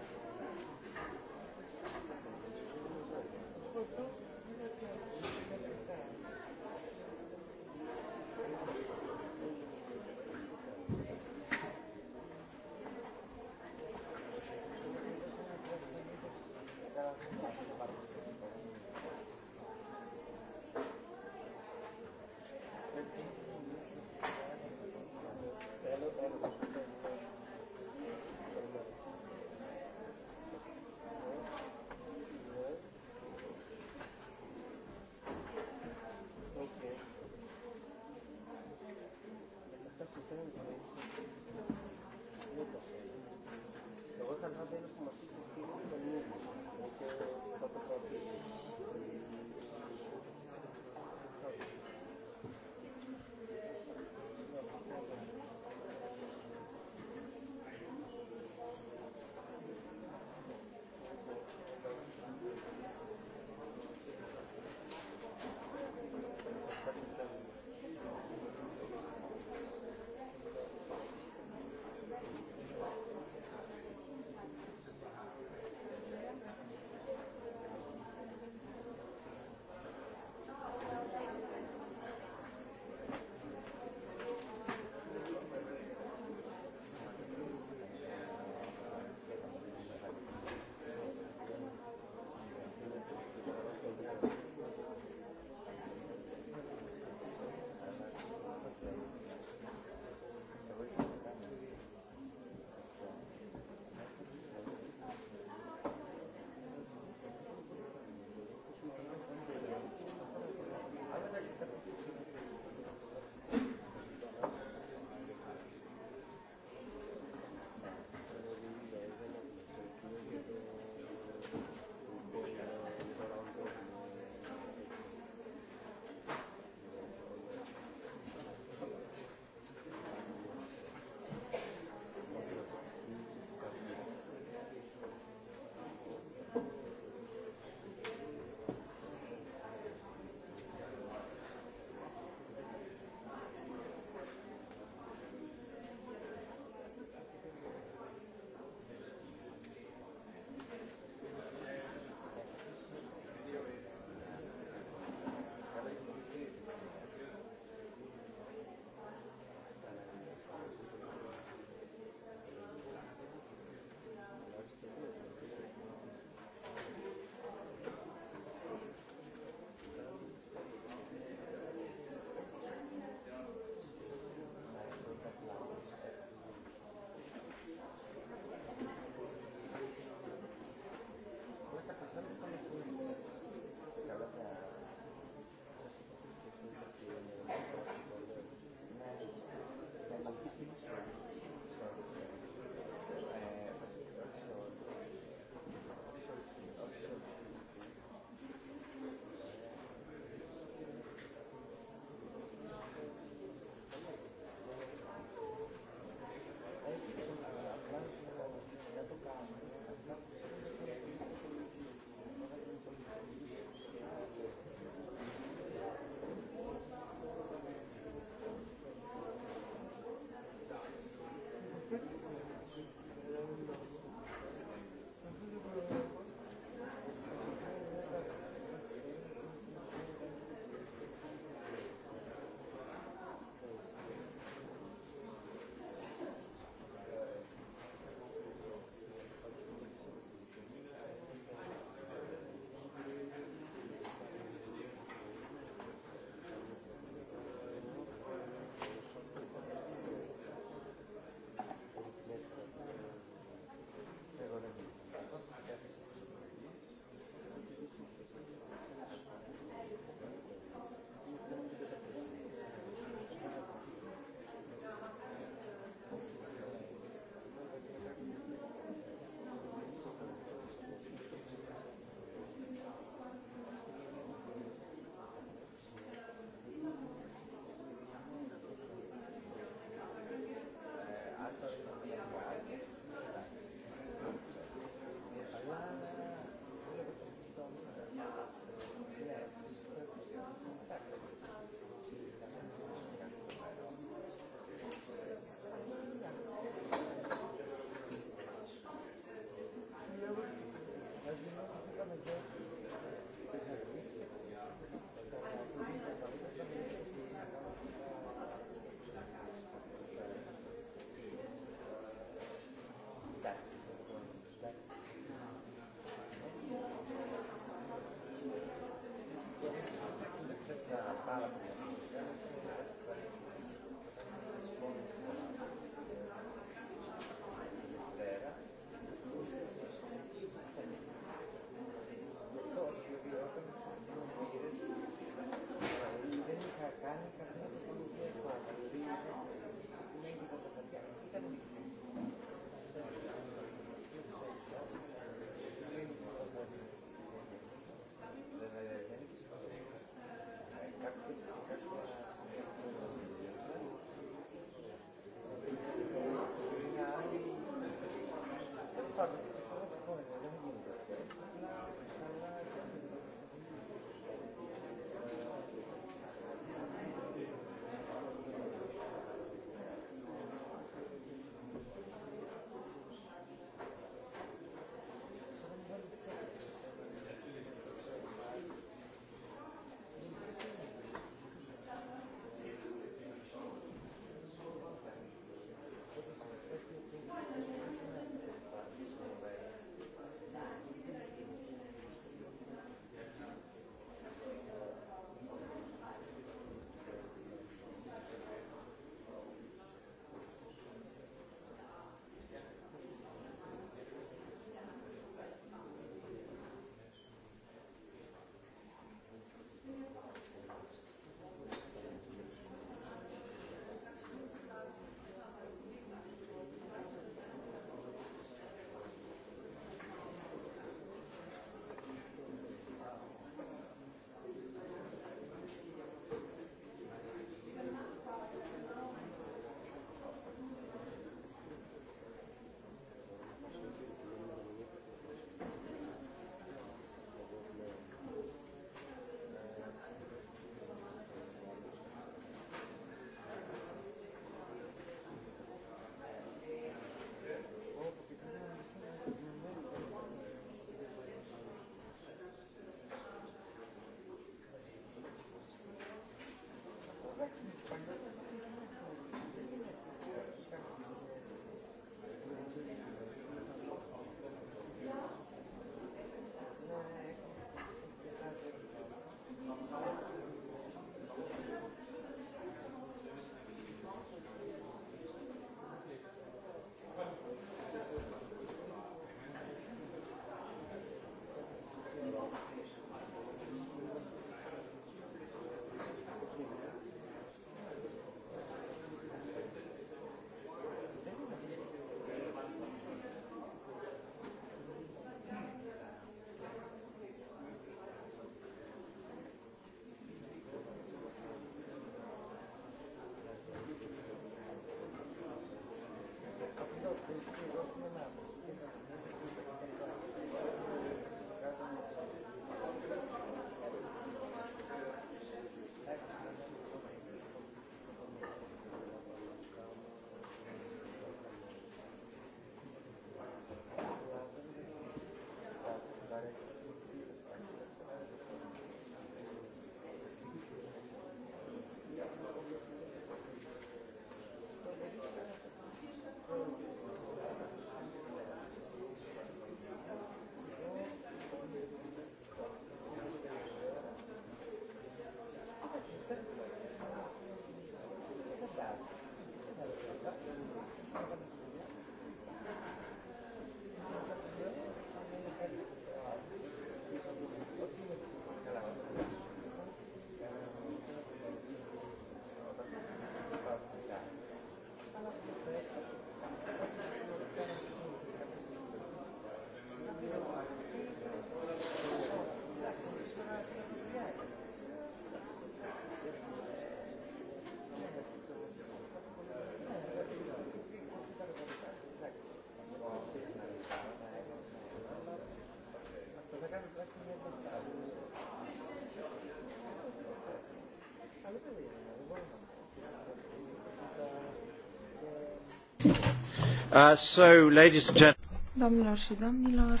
A: Uh, so, ladies and gentlemen.
D: Doamnelor și domnilor,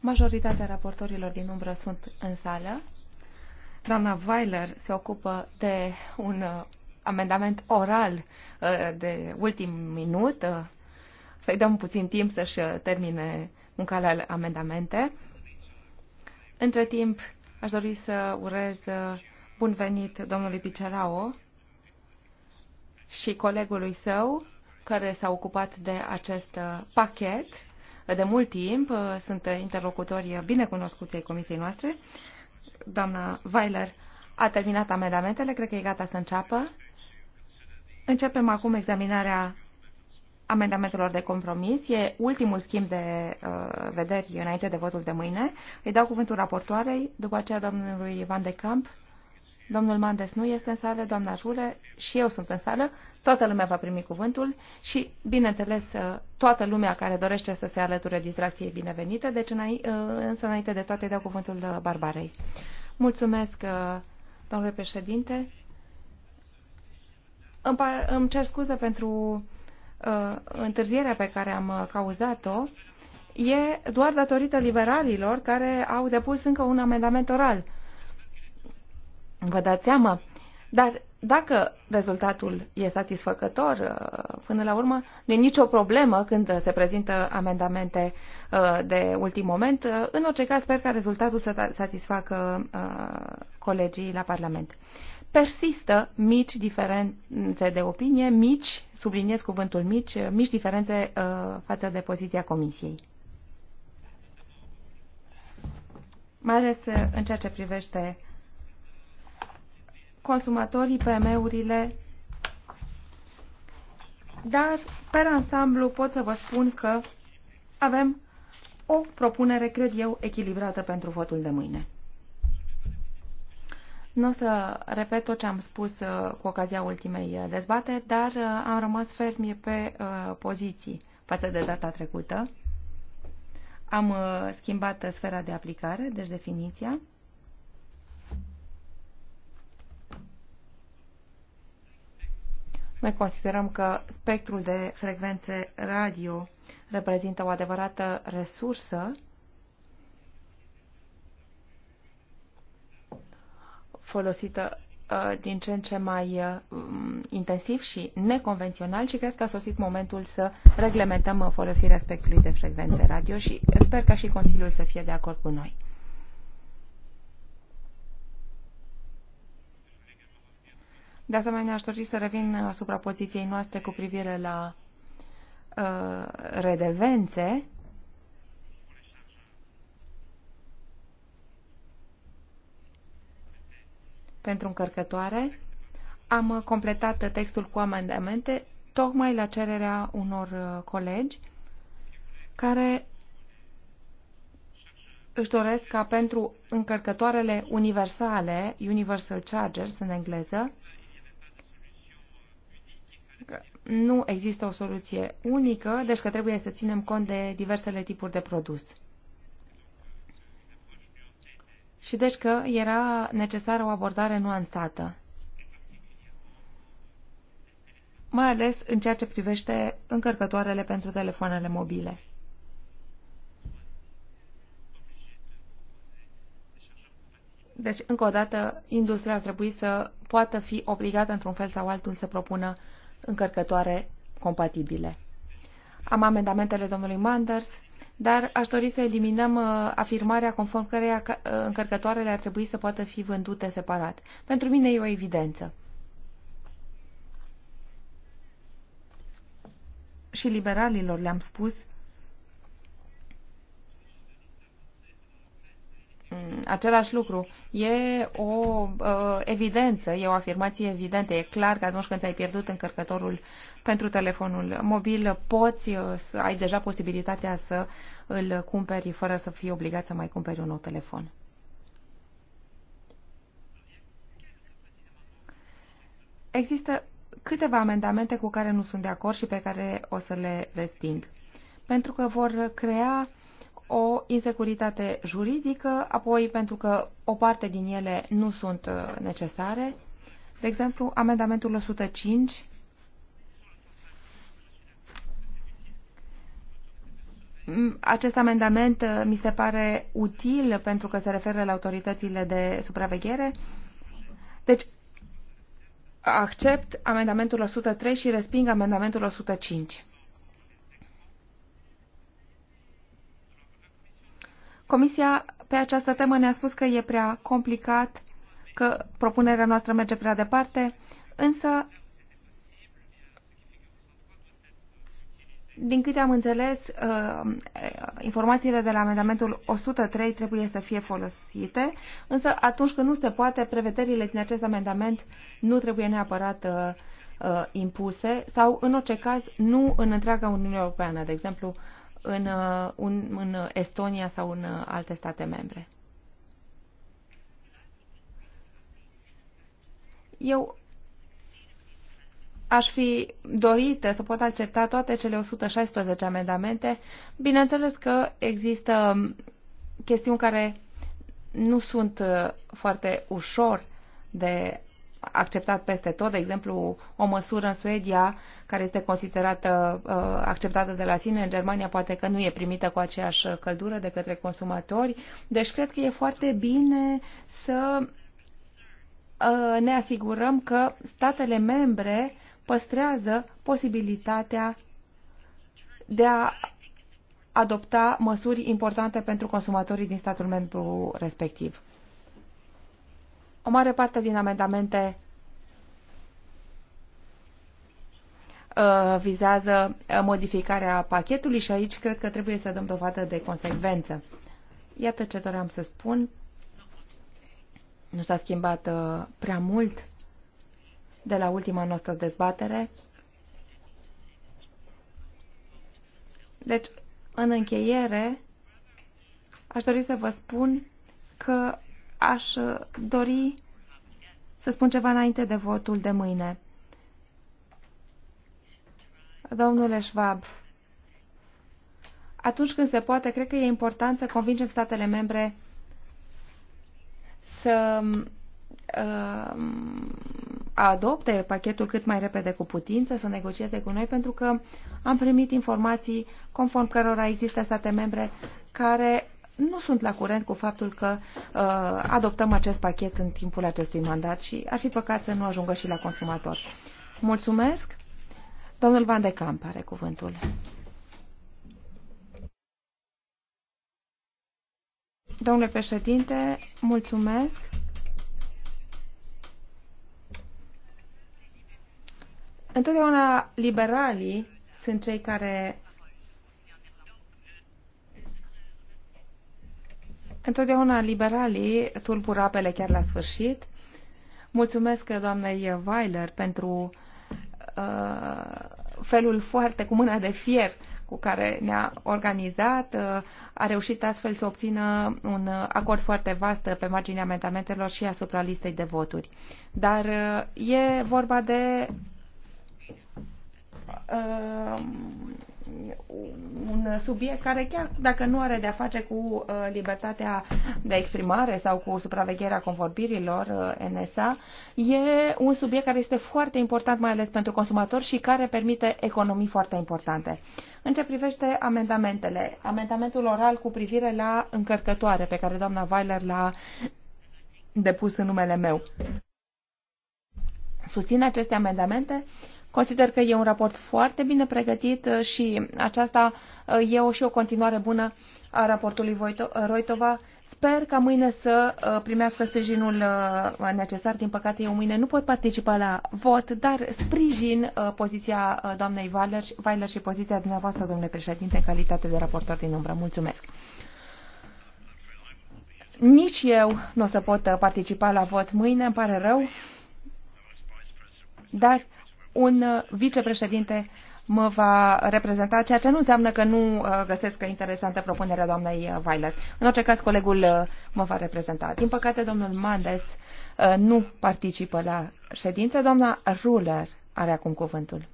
D: majoritatea raportorilor din umbră sunt în sală. Doamna Weiler se ocupă de un uh, amendament oral uh, de ultim minut uh, să-i dăm puțin timp să-și uh, termine munca amendamente. Între timp, aș dori să urez uh, bun venit domnului Picerao și colegului său care s-a ocupat de acest uh, pachet de mult timp. Sunt interlocutori binecunoscuți ai comisiei noastre. Doamna Weiler a terminat amendamentele, cred că e gata să înceapă. Începem acum examinarea amendamentelor de compromis. E ultimul schimb de uh, vederi înainte de votul de mâine. Îi dau cuvântul raportoarei, după aceea domnului Van de Camp. Domnul Mandes nu este în sală, doamna Jure și eu sunt în sală. Toată lumea va primi cuvântul și, bineînțeles, uh, toată lumea care dorește să se alăture distracției binevenite, deci înainte, uh, însă înainte de toate îi dau cuvântul uh, Barbarei. Mulțumesc, domnule președinte. Îmi, par, îmi cer scuze pentru Uh, întârzierea pe care am uh, cauzat-o e doar datorită liberalilor care au depus încă un amendament oral. Vă dați seama? Dar dacă rezultatul e satisfăcător, uh, până la urmă, nu e nicio problemă când se prezintă amendamente de ultim moment. În orice caz, sper ca rezultatul să satisfacă colegii la Parlament persistă mici diferențe de opinie, mici, subliniez cuvântul mici, mici diferențe uh, față de poziția Comisiei. Mai ales uh, în ceea ce privește consumatorii, PM-urile, dar, pe ansamblu, pot să vă spun că avem o propunere, cred eu, echilibrată pentru votul de mâine. Nu o să repet tot ce am spus uh, cu ocazia ultimei uh, dezbate, dar uh, am rămas fermi pe poziții față de data trecută. Am schimbat sfera de aplicare, deci definiția. Noi considerăm că spectrul de frecvențe radio reprezintă o adevărată resursă folosită uh, din ce în ce mai uh, intensiv și neconvențional și cred că a sosit momentul să reglementăm uh, folosirea spectrului de frecvențe radio și sper ca și Consiliul să fie de acord cu noi. De asemenea, aș dori să revin asupra poziției noastre cu privire la uh, redevențe. pentru încărcătoare. Am completat textul cu amendamente tocmai la cererea unor uh, colegi care își doresc ca pentru încărcătoarele universale, Universal Chargers în engleză, nu există o soluție unică, deci că trebuie să ținem cont de diversele tipuri de produs și deci că era necesară o abordare nuanțată, mai ales în ceea ce privește încărcătoarele pentru telefoanele mobile. Deci, încă o dată, industria ar trebui să poată fi obligată într-un fel sau altul să propună încărcătoare compatibile. Am amendamentele domnului Manders, dar aș dori să eliminăm uh, afirmarea conform căreia uh, încărcătoarele ar trebui să poată fi vândute separat. Pentru mine e o evidență. Și liberalilor le-am spus același lucru. E o uh, evidență, e o afirmație evidentă. E clar că atunci când ți-ai pierdut încărcătorul pentru telefonul mobil, poți, uh, să ai deja posibilitatea să îl cumperi fără să fii obligat să mai cumperi un nou telefon. Există câteva amendamente cu care nu sunt de acord și pe care o să le resping, pentru că vor crea uh, o insecuritate juridică, apoi pentru că o parte din ele nu sunt uh, necesare. De exemplu, amendamentul 105 mm, Acest amendament uh, mi se pare util pentru că se referă la autoritățile de supraveghere. Deci, accept amendamentul 103 și resping amendamentul 105. Comisia pe această temă ne-a spus că e prea complicat, că propunerea noastră merge prea departe, însă, din câte am înțeles, uh, informațiile de la amendamentul 103 trebuie să fie folosite, însă atunci când nu se poate, prevederile din acest amendament nu trebuie neapărat uh, uh, impuse sau, în orice caz, nu în întreaga Uniune Europeană. De exemplu, în, uh, un, în Estonia sau în uh, alte state membre. Eu aș fi dorit să pot accepta toate cele 116 amendamente. Bineînțeles că există chestiuni care nu sunt uh, foarte ușor de acceptat peste tot, de exemplu, o măsură în Suedia care este considerată uh, acceptată de la sine, în Germania poate că nu e primită cu aceeași căldură de către consumatori. Deci cred că e foarte bine să uh, ne asigurăm că statele membre păstrează posibilitatea de a adopta măsuri importante pentru consumatorii din statul membru respectiv. O mare parte din amendamente uh, vizează uh, modificarea pachetului și aici cred că trebuie să dăm dovadă de consecvență. Iată ce doream să spun. Nu s-a schimbat uh, prea mult de la ultima noastră dezbatere. Deci, în încheiere, aș dori să vă spun că aș uh, dori să spun ceva înainte de votul de mâine. Domnule Schwab, atunci când se poate, cred că e important să convingem statele membre să uh, adopte pachetul cât mai repede cu putință, să negocieze cu noi, pentru că am primit informații conform cărora există state membre care nu sunt la curent cu faptul că uh, adoptăm acest pachet în timpul acestui mandat și ar fi păcat să nu ajungă și la consumator. Mulțumesc. Domnul Van de Camp are cuvântul. Domnule președinte, mulțumesc. Întotdeauna liberalii sunt cei care Întotdeauna liberalii tulpură apele chiar la sfârșit. Mulțumesc doamnei Weiler pentru uh, felul foarte cu mâna de fier cu care ne-a organizat. Uh, a reușit astfel să obțină un acord foarte vast pe marginea amendamentelor și asupra listei de voturi. Dar uh, e vorba de uh, un subiect care chiar dacă nu are de-a face cu uh, libertatea de exprimare sau cu supravegherea convorbirilor uh, NSA, e un subiect care este foarte important, mai ales pentru consumatori și care permite economii foarte importante. În ce privește amendamentele, amendamentul oral cu privire la încărcătoare pe care doamna Weiler l-a depus în numele meu. Susțin aceste amendamente Consider că e un raport foarte bine pregătit uh, și aceasta uh, e o și o continuare bună a raportului uh, Roitova. Sper ca mâine să primească sprijinul necesar. Din păcate, eu mâine nu pot participa la vot, dar sprijin poziția doamnei Weiler, și poziția dumneavoastră, domnule președinte, în calitate de raportor din umbră. Mulțumesc! Nici eu nu o să pot participa la vot mâine, îmi pare rău, dar un uh, vicepreședinte mă va reprezenta, ceea ce nu înseamnă că nu uh, găsesc interesantă propunerea doamnei uh, Weiler. În orice caz, colegul mă va reprezenta. Din păcate, domnul Mandes nu participă la ședință. Doamna Ruler are acum cuvântul.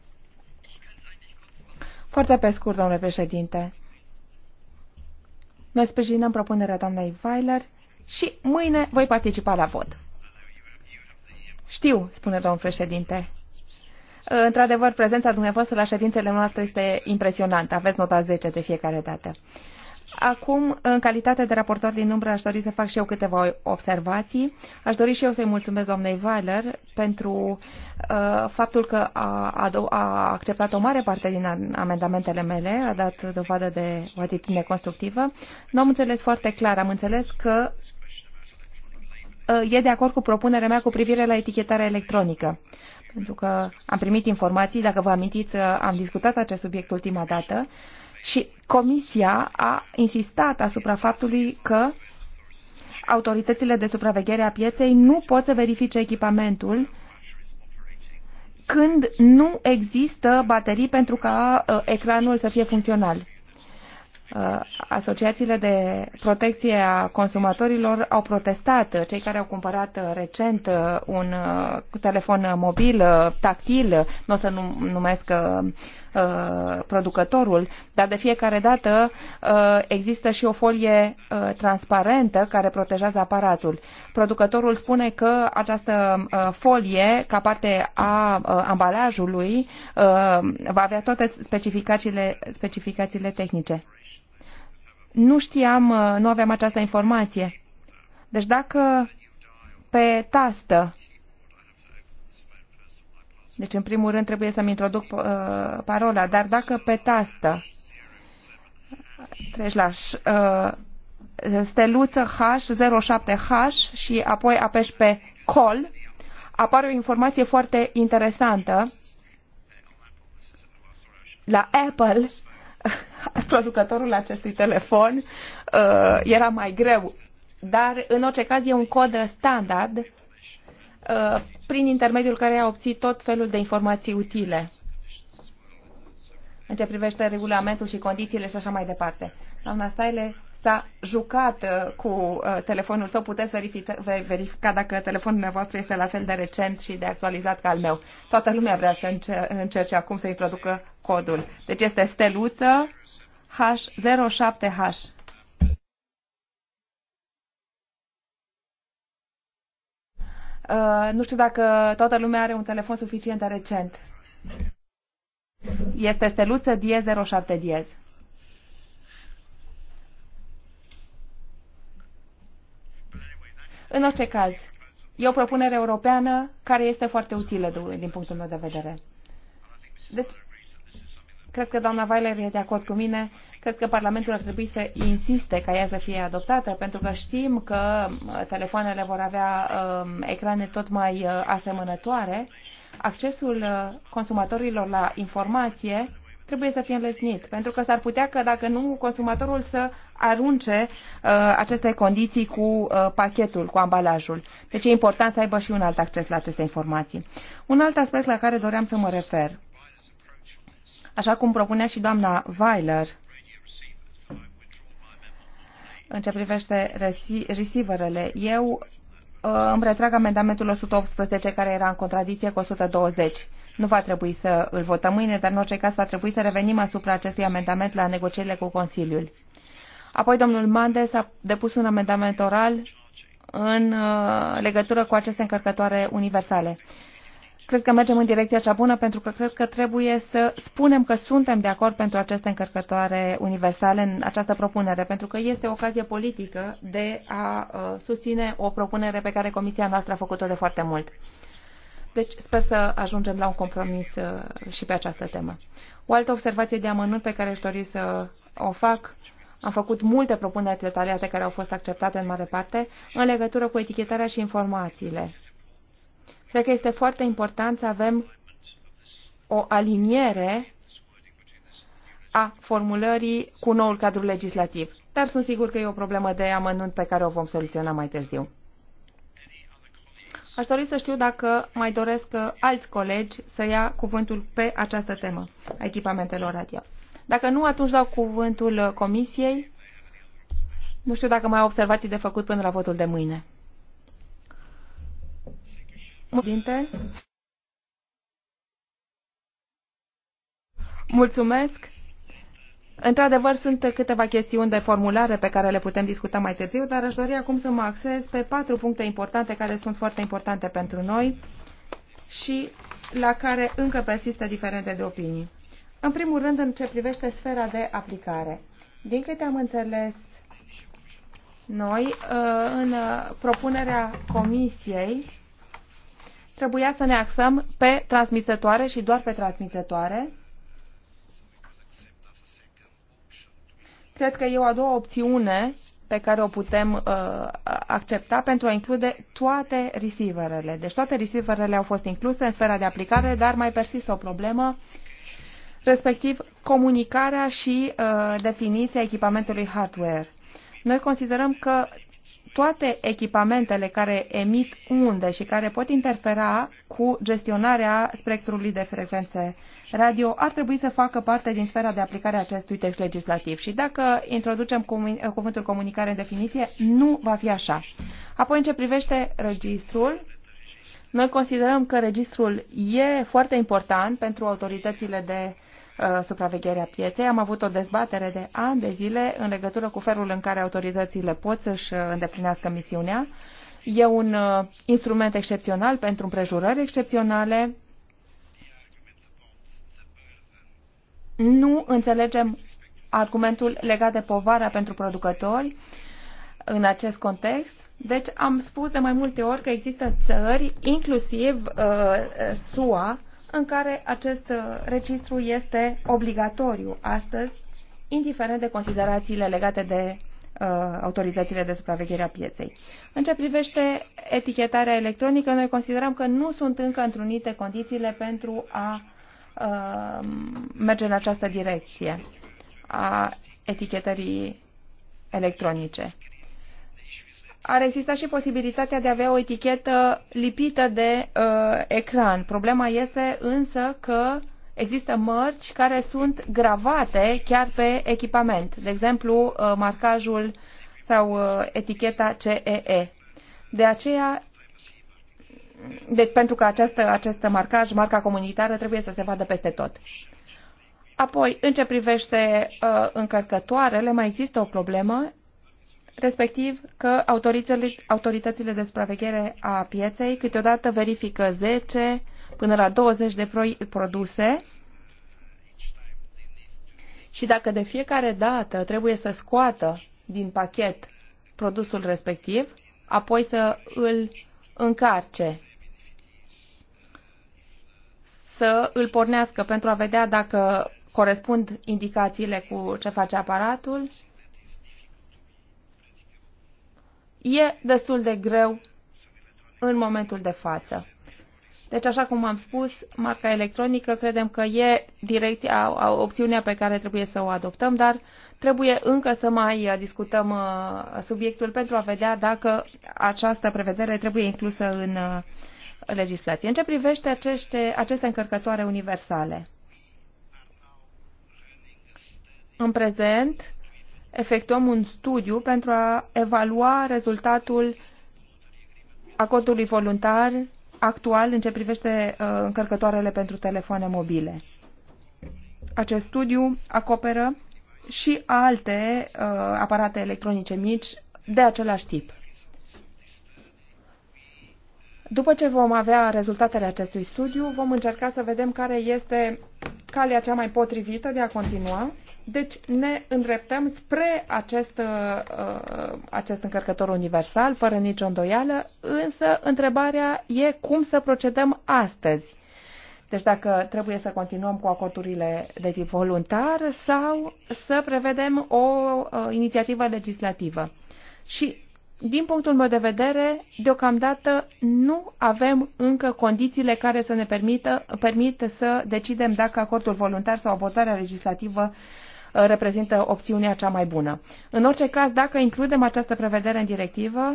D: Foarte pe scurt, domnule președinte. Noi sprijinăm propunerea doamnei Weiler și mâine voi participa la vot. Știu, spune domnul președinte, Uh, într-adevăr, prezența dumneavoastră la ședințele noastre este impresionantă. Aveți nota 10 de fiecare dată. Acum, în calitate de raportor din umbră, aș dori să fac și eu câteva observații. Aș dori și eu să-i mulțumesc doamnei Weiler pentru uh, faptul că a, a acceptat o mare parte din amendamentele mele, a dat dovadă de o atitudine constructivă. Nu am înțeles foarte clar, am înțeles că uh, e de acord cu propunerea mea cu privire la etichetarea electronică pentru că am primit informații, dacă vă amintiți, am discutat acest subiect ultima dată și Comisia a insistat asupra faptului că autoritățile de supraveghere a pieței nu pot să verifice echipamentul când nu există baterii pentru ca uh, ecranul să fie funcțional. Uh, asociațiile de protecție a consumatorilor au protestat. Cei care au cumpărat uh, recent uh, un telefon mobil tactil, nu o să numesc producătorul, dar de fiecare dată există și o folie transparentă care protejează aparatul. Producătorul spune că această folie, ca parte a ambalajului, va avea toate specificațiile, specificațiile tehnice nu știam, uh, nu aveam această informație. Deci dacă pe tastă, deci în primul rând trebuie să-mi introduc uh, parola, dar dacă pe tastă treci la uh, steluță H07H și apoi apeși pe call, apare o informație foarte interesantă. La Apple producătorul acestui telefon uh, era mai greu. Dar, în orice caz, e un cod standard uh, prin intermediul care a obținut tot felul de informații utile în ce privește regulamentul și condițiile și așa mai departe. Doamna Staile s-a jucat uh, cu uh, telefonul său, puteți verifica, verifica dacă telefonul dumneavoastră este la fel de recent și de actualizat ca al meu. Toată lumea vrea să încerce acum să introducă codul. Deci este steluță H07H. Uh, nu știu dacă toată lumea are un telefon suficient de recent. Este steluță 10 07 10. În orice caz, e o propunere europeană care este foarte utilă din punctul meu de vedere. Deci, cred că doamna Weiler e de acord cu mine. Cred că Parlamentul ar trebui să insiste ca ea să fie adoptată, pentru că știm că uh, telefoanele vor avea um, ecrane tot mai uh, asemănătoare. Accesul uh, consumatorilor la informație trebuie să fie înlesnit, pentru că s-ar putea că dacă nu, consumatorul să arunce uh, aceste condiții cu uh, pachetul, cu ambalajul. Deci e important să aibă și un alt acces la aceste informații. Un alt aspect la care doream să mă refer, așa cum propunea și doamna Weiler, în ce privește receiverele, eu uh, îmi retrag amendamentul 118 care era în contradicție cu 120 nu va trebui să îl votăm mâine, dar în orice caz va trebui să revenim asupra acestui amendament la negocierile cu Consiliul. Apoi domnul Mandes a depus un amendament oral în uh, legătură cu aceste încărcătoare universale. Cred că mergem în direcția cea bună pentru că cred că trebuie să spunem că suntem de acord pentru aceste încărcătoare universale în această propunere, pentru că este o ocazie politică de a uh, susține o propunere pe care Comisia noastră a făcut-o de foarte mult. Deci sper să ajungem la un compromis uh, și pe această temă. O altă observație de amănunt pe care aș dori să o fac am făcut multe propuneri detaliate care au fost acceptate în mare parte în legătură cu etichetarea și informațiile. Cred că este foarte important să avem o aliniere a formulării cu noul cadru legislativ, dar sunt sigur că e o problemă de amănunt pe care o vom soluționa mai târziu. Aș dori să știu dacă mai doresc uh, alți colegi să ia cuvântul pe această temă a echipamentelor radio. Dacă nu, atunci dau cuvântul uh, comisiei. Nu știu dacă mai au observații de făcut până la votul de mâine. Dinte. Mulțumesc. Într-adevăr, sunt câteva chestiuni de formulare pe care le putem discuta mai târziu, dar aș dori acum să mă axez pe patru puncte importante care sunt foarte importante pentru noi și la care încă persistă diferente de opinii. În primul rând, în ce privește sfera de aplicare. Din câte am înțeles noi, uh, în uh, propunerea comisiei, trebuia să ne axăm pe transmițătoare și doar pe transmițătoare, Cred că e o a doua opțiune pe care o putem uh, accepta pentru a include toate receiverele. Deci toate receiverele au fost incluse în sfera de aplicare, dar mai persistă o problemă, respectiv comunicarea și uh, definiția echipamentului hardware. Noi considerăm că toate echipamentele care emit unde și care pot interfera cu gestionarea spectrului de frecvențe radio ar trebui să facă parte din sfera de aplicare a acestui text legislativ. Și dacă introducem cuvântul comunicare în definiție, nu va fi așa. Apoi, în ce privește registrul, noi considerăm că registrul e foarte important pentru autoritățile de Uh, supravegherea pieței. Am avut o dezbatere de ani de zile în legătură cu felul în care autoritățile pot să-și uh, îndeplinească misiunea. E un uh, instrument excepțional pentru împrejurări excepționale. Nu înțelegem argumentul legat de povara pentru producători în acest context. Deci am spus de mai multe ori că există țări, inclusiv uh, SUA, în care acest uh, registru este obligatoriu astăzi, indiferent de considerațiile legate de uh, autoritățile de supraveghere a pieței. În ce privește etichetarea electronică, noi considerăm că nu sunt încă întrunite condițiile pentru a uh, merge în această direcție a etichetării electronice ar exista și posibilitatea de a avea o etichetă lipită de uh, ecran. Problema este însă că există mărci care sunt gravate chiar pe echipament, de exemplu uh, marcajul sau uh, eticheta CEE. De aceea, deci pentru că această, acest marcaj, marca comunitară, trebuie să se vadă peste tot. Apoi, în ce privește uh, încărcătoarele, mai există o problemă respectiv că autoritățile autoritățile de supraveghere a pieței câteodată verifică 10 până la 20 de produse și dacă de fiecare dată trebuie să scoată din pachet produsul respectiv, apoi să îl încarce, să îl pornească pentru a vedea dacă corespund indicațiile cu ce face aparatul e destul de greu în momentul de față. Deci, așa cum am spus, marca electronică credem că e direcția, opțiunea pe care trebuie să o adoptăm, dar trebuie încă să mai uh, discutăm uh, subiectul pentru a vedea dacă această prevedere trebuie inclusă în uh, legislație. În ce privește aceste, aceste încărcătoare universale? În prezent, efectuăm un studiu pentru a evalua rezultatul acordului voluntar actual în ce privește uh, încărcătoarele pentru telefoane mobile. Acest studiu acoperă și alte uh, aparate electronice mici de același tip. După ce vom avea rezultatele acestui studiu, vom încerca să vedem care este calea cea mai potrivită de a continua deci ne îndreptăm spre acest, uh, uh, acest încărcător universal, fără nicio îndoială, însă întrebarea e cum să procedăm astăzi. Deci dacă trebuie să continuăm cu acordurile de tip voluntar sau să prevedem o uh, inițiativă legislativă. Și din punctul meu de vedere, deocamdată nu avem încă condițiile care să ne permită, permit să decidem dacă acordul voluntar sau abordarea legislativă Uh, reprezintă opțiunea cea mai bună. În orice caz, dacă includem această prevedere în directivă,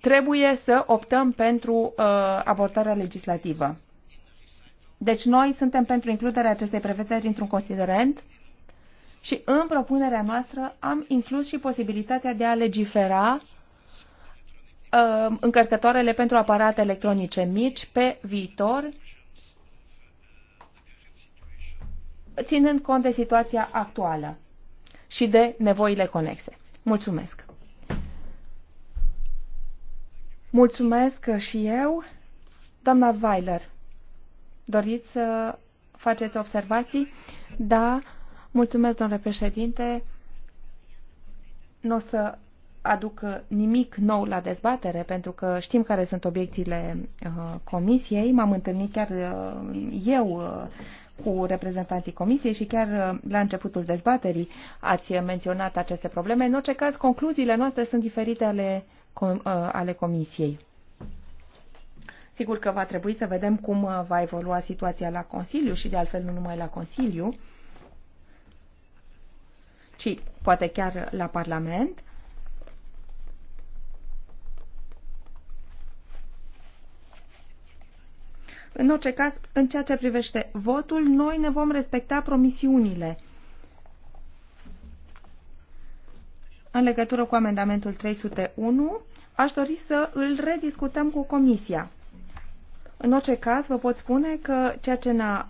D: trebuie să optăm pentru uh, abordarea legislativă. Deci noi suntem pentru includerea acestei prevederi într-un considerent și în propunerea noastră am inclus și posibilitatea de a legifera uh, încărcătoarele pentru aparate electronice mici pe viitor ținând cont de situația actuală și de nevoile conexe. Mulțumesc! Mulțumesc și eu. Doamna Weiler, doriți să faceți observații? Da, mulțumesc, domnule președinte. Nu o să aduc nimic nou la dezbatere, pentru că știm care sunt obiecțiile uh, comisiei. M-am întâlnit chiar uh, eu uh, cu reprezentanții Comisiei și chiar uh, la începutul dezbaterii ați menționat aceste probleme. În orice caz, concluziile noastre sunt diferite ale, uh, ale Comisiei. Sigur că va trebui să vedem cum uh, va evolua situația la Consiliu și de altfel nu numai la Consiliu, ci poate chiar la Parlament În orice caz, în ceea ce privește votul, noi ne vom respecta promisiunile. În legătură cu amendamentul 301, aș dori să îl rediscutăm cu Comisia. În orice caz, vă pot spune că ceea ce ne-a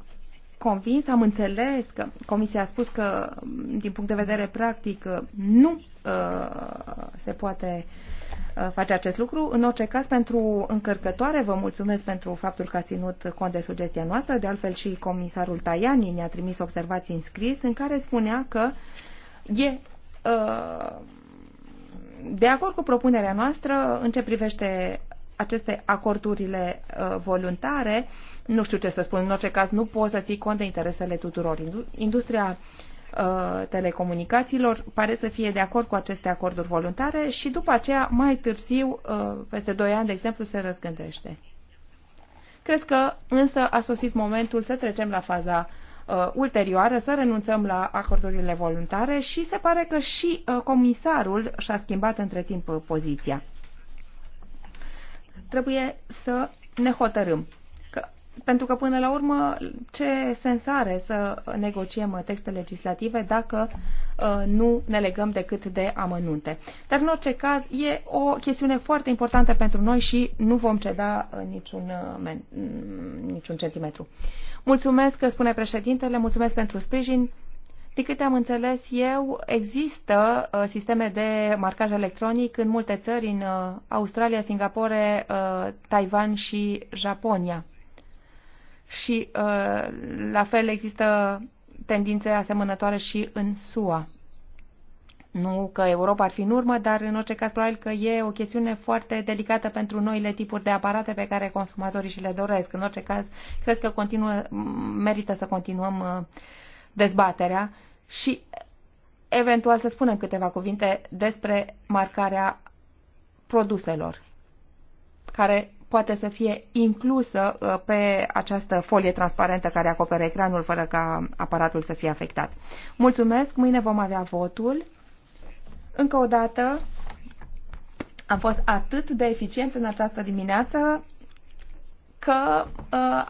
D: convins, am înțeles că Comisia a spus că, din punct de vedere practic, nu uh, se poate uh, Uh, face acest lucru. În orice caz, pentru încărcătoare, vă mulțumesc pentru faptul că a ținut cont de sugestia noastră. De altfel, și comisarul Tajani ne-a trimis observații în scris în care spunea că e uh, de acord cu propunerea noastră în ce privește aceste acordurile uh, voluntare. Nu știu ce să spun, în orice caz nu poți să ții cont de interesele tuturor. Industria Uh, telecomunicațiilor pare să fie de acord cu aceste acorduri voluntare și după aceea, mai târziu, uh, peste 2 ani, de exemplu, se răzgândește. Cred că însă a sosit momentul să trecem la faza uh, ulterioară, să renunțăm la acordurile voluntare și se pare că și uh, comisarul și-a schimbat între timp uh, poziția. Trebuie să ne hotărâm pentru că, până la urmă, ce sens are să negociem texte legislative dacă uh, nu ne legăm decât de amănunte. Dar, în orice caz, e o chestiune foarte importantă pentru noi și nu vom ceda uh, niciun, uh, mm, niciun centimetru. Mulțumesc, spune președintele, mulțumesc pentru sprijin. De câte am înțeles eu, există sisteme de marcaj electronic în multe țări, în Australia, Singapore, Taiwan și Japonia și uh, la fel există tendințe asemănătoare și în SUA. Nu că Europa ar fi în urmă, dar în orice caz probabil că e o chestiune foarte delicată pentru noile tipuri de aparate pe care consumatorii și le doresc. În orice caz, cred că continuă, merită să continuăm uh, dezbaterea și eventual să spunem câteva cuvinte despre marcarea produselor, care poate să fie inclusă uh, pe această folie transparentă care acoperă ecranul fără ca aparatul să fie afectat. Mulțumesc, mâine vom avea votul. Încă o dată am fost atât de eficienți în această dimineață că uh,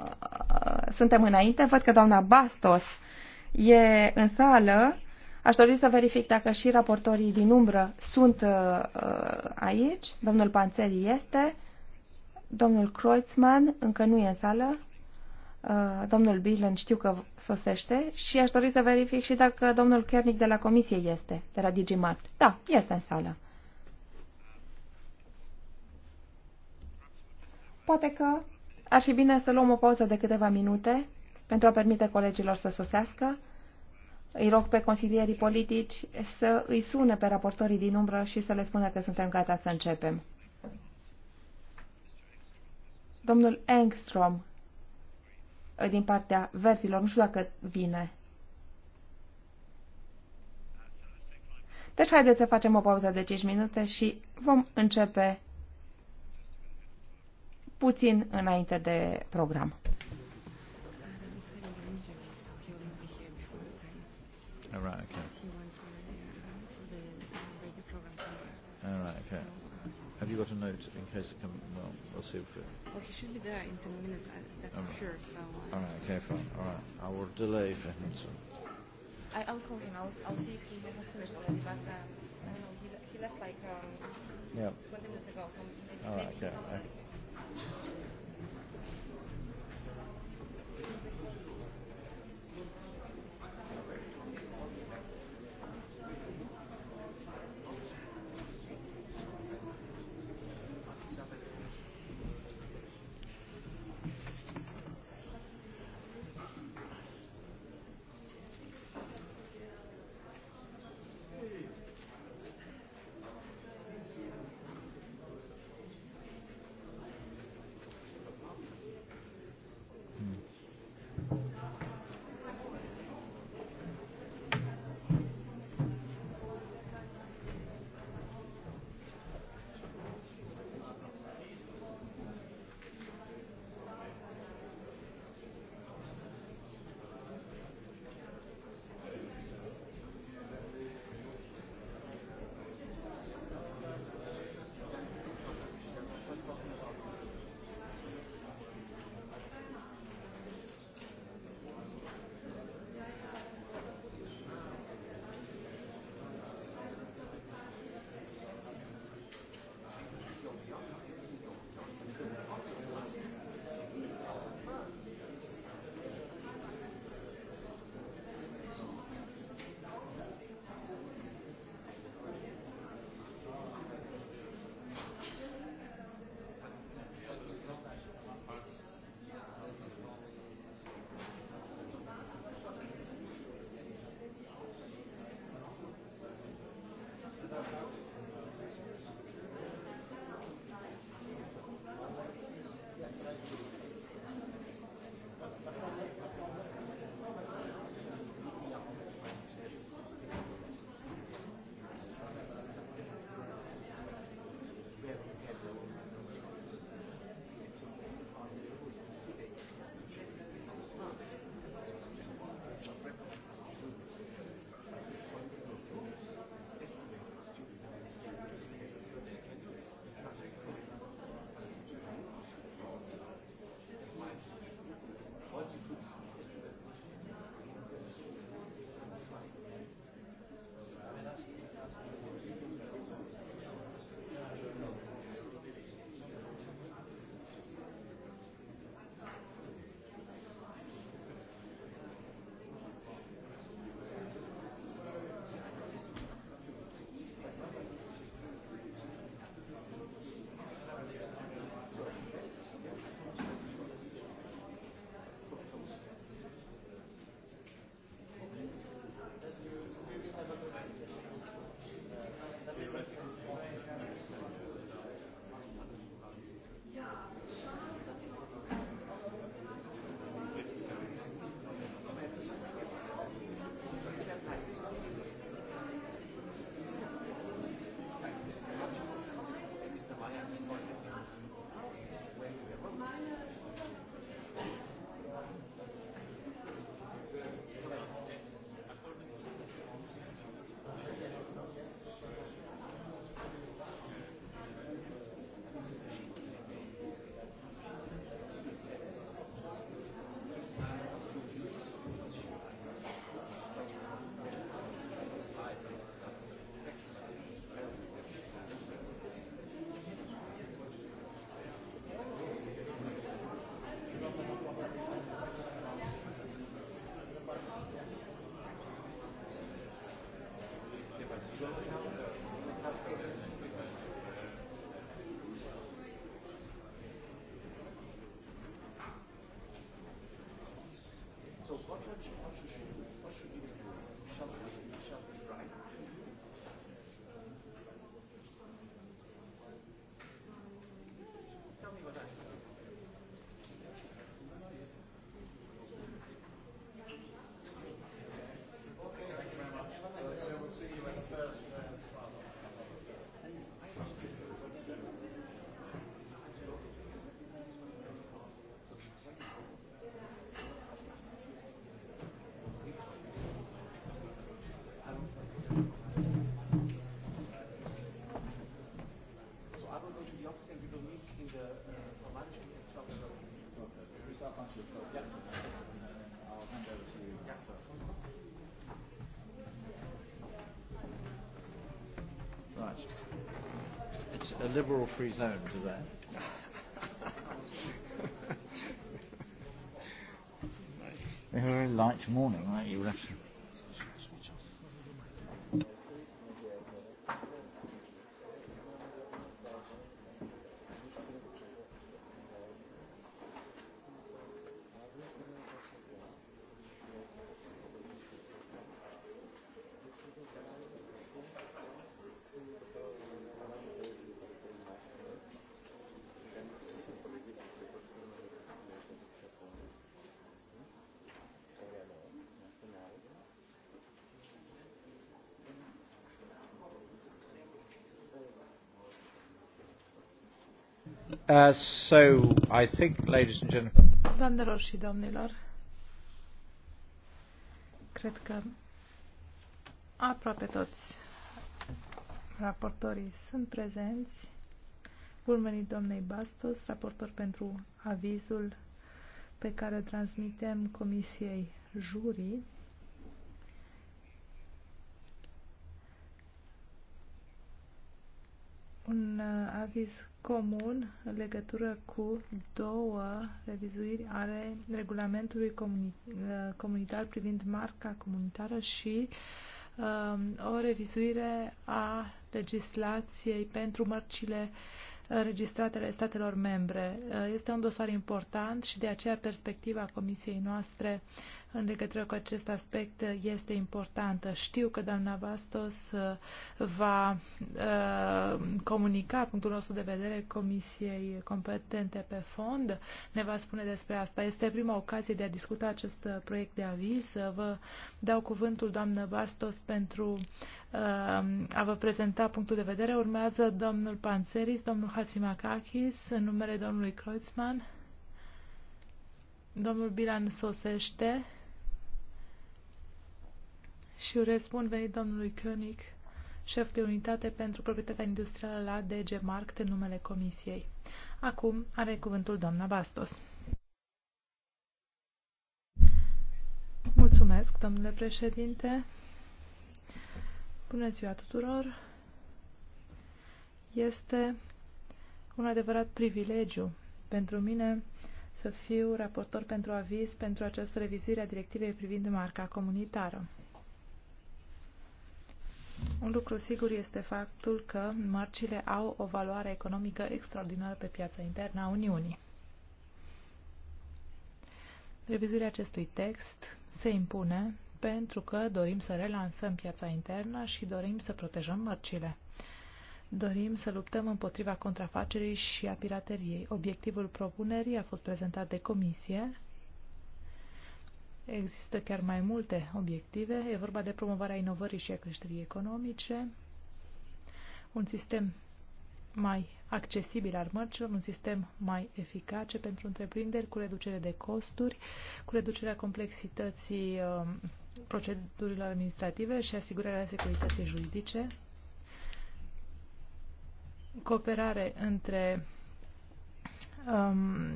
D: uh, suntem înainte. Văd că doamna Bastos e în sală. Aș dori să verific dacă și raportorii din umbră sunt uh, uh aici. Domnul Panțeli este. Domnul Kreutzmann încă nu e în sală. Uh, domnul Bilen știu că sosește și aș dori să verific și dacă domnul Kernic de la comisie este, de la Digimart. Da, este în sală. Poate că ar fi bine să luăm o pauză de câteva minute pentru a permite colegilor să sosească. Îi rog pe consilierii politici să îi sune pe raportorii din umbră și să le spună că suntem gata să începem. Domnul Engstrom, ă, din partea versilor, nu știu dacă vine. Deci haideți să facem o pauză de 5 minute și vom începe puțin înainte de program. All right, okay. All right, okay
A: you got a note in case it comes? Well, I'll see if it.
D: Well, he should be there in 10 minutes, that's All right. for sure. So. Uh, All right, okay,
A: fine. All right. I will delay for him. So.
D: I, I'll call him. I'll, I'll see if he has finished already, but uh, I don't know. He, he left like um, yeah. 20 minutes ago, so maybe, All right, maybe okay.
A: очень очень очень Right. It's a liberal free zone today. that. a very light morning, right? You to Uh, so, I think, ladies and gentlemen.
B: Doamnelor și domnilor, cred că aproape toți raportorii sunt prezenți. Urmenii domnei Bastos, raportor pentru avizul pe care transmitem Comisiei Jurii. Un uh, aviz comun în legătură cu două revizuiri ale regulamentului comuni comunitar privind marca comunitară și um, o revizuire a legislației pentru mărcile uh, registrate ale statelor membre. Uh, este un dosar important și de aceea perspectiva comisiei noastre în legătură cu acest aspect este importantă. Știu că doamna Bastos uh, va uh, comunica punctul nostru de vedere Comisiei competente pe fond. Ne va spune despre asta. Este prima ocazie de a discuta acest uh, proiect de aviz. Vă dau cuvântul, doamnă Bastos, pentru a vă prezenta punctul de vedere. Urmează domnul Panseris, domnul Hatzimakakis, în numele domnului Kreutzmann. Domnul Bilan sosește și urez bun venit domnului König, șef de unitate pentru proprietatea industrială la DG Markt în numele Comisiei. Acum are cuvântul doamna Bastos. Mulțumesc, domnule președinte. Bună ziua tuturor. Este un adevărat privilegiu pentru mine să fiu raportor pentru aviz pentru această revizuire a directivei privind marca comunitară. Un lucru sigur este faptul că mărcile au o valoare economică extraordinară pe piața internă a Uniunii. Revizuirea acestui text se impune pentru că dorim să relansăm piața internă și dorim să protejăm mărcile. Dorim să luptăm împotriva contrafacerii și a pirateriei. Obiectivul propunerii a fost prezentat de comisie Există chiar mai multe obiective. E vorba de promovarea inovării și a creșterii economice, un sistem mai accesibil al mărcilor, un sistem mai eficace pentru întreprinderi, cu reducere de costuri, cu reducerea complexității um, procedurilor administrative și asigurarea securității juridice, cooperare între um,